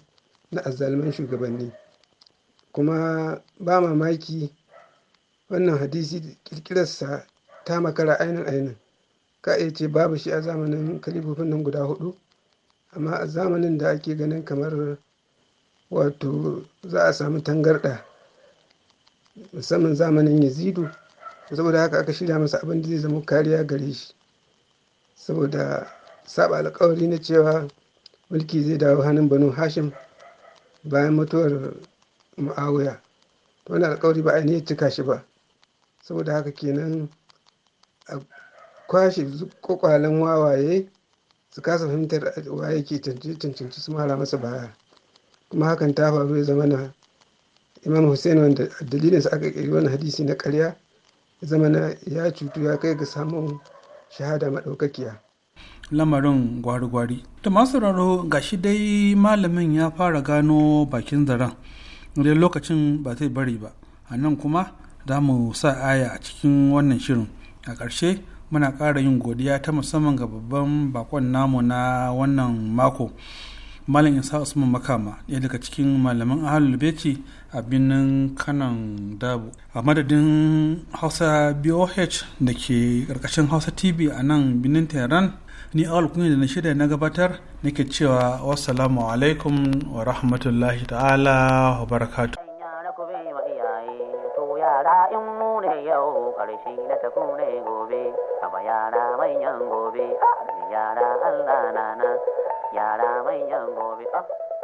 [SPEAKER 15] na azzaluman shugabanni kuma ba mamaki wannan hadisi kirkirarsa ta makara ainin ainin ka iya ce babu shi a zamanin kalibofin nan guda hudu amma a zamanin da ake ganin kamar wato za a samu tangarɗa musamman zamanin yazidu saboda haka aka shirya masa abin da zai zama kariya gare shi saboda saba alkawari na cewa mulki zai dawo hannun banu hashim bayan mutuwar ma'awuya wani alkawari ba ne cika shi ba saboda haka kenan a kwashe kwakwalen wawaye su kasa fahimtar waye ke cancanci su mara masa baya kuma hakan ta faru ya zama na imam hussein wanda dalilin sa aka kiri wani hadisi na karya ya zama na ya cutu ya kai ga samun shahada maɗaukakiya
[SPEAKER 10] lamarin gwari-gwari ta masu raro ga shi dai malamin ya fara gano bakin zaren da lokacin ba zai bari ba a nan kuma za mu sa aya a cikin wannan shirin a ƙarshe muna ƙara yin godiya ta musamman ga babban bakon namu na wannan mako malam isa usman makama ɗaya daga cikin malaman ahalul beci a birnin kanan dabu a madadin hausa boh da ke ƙarƙashin hausa tv a nan birnin tehran ni awal kunya da na shirya na gabatar nake cewa wassalamu alaikum wa rahmatullahi ta'ala wa
[SPEAKER 13] barakatu yara in
[SPEAKER 14] gobe a
[SPEAKER 13] yara manyan gobe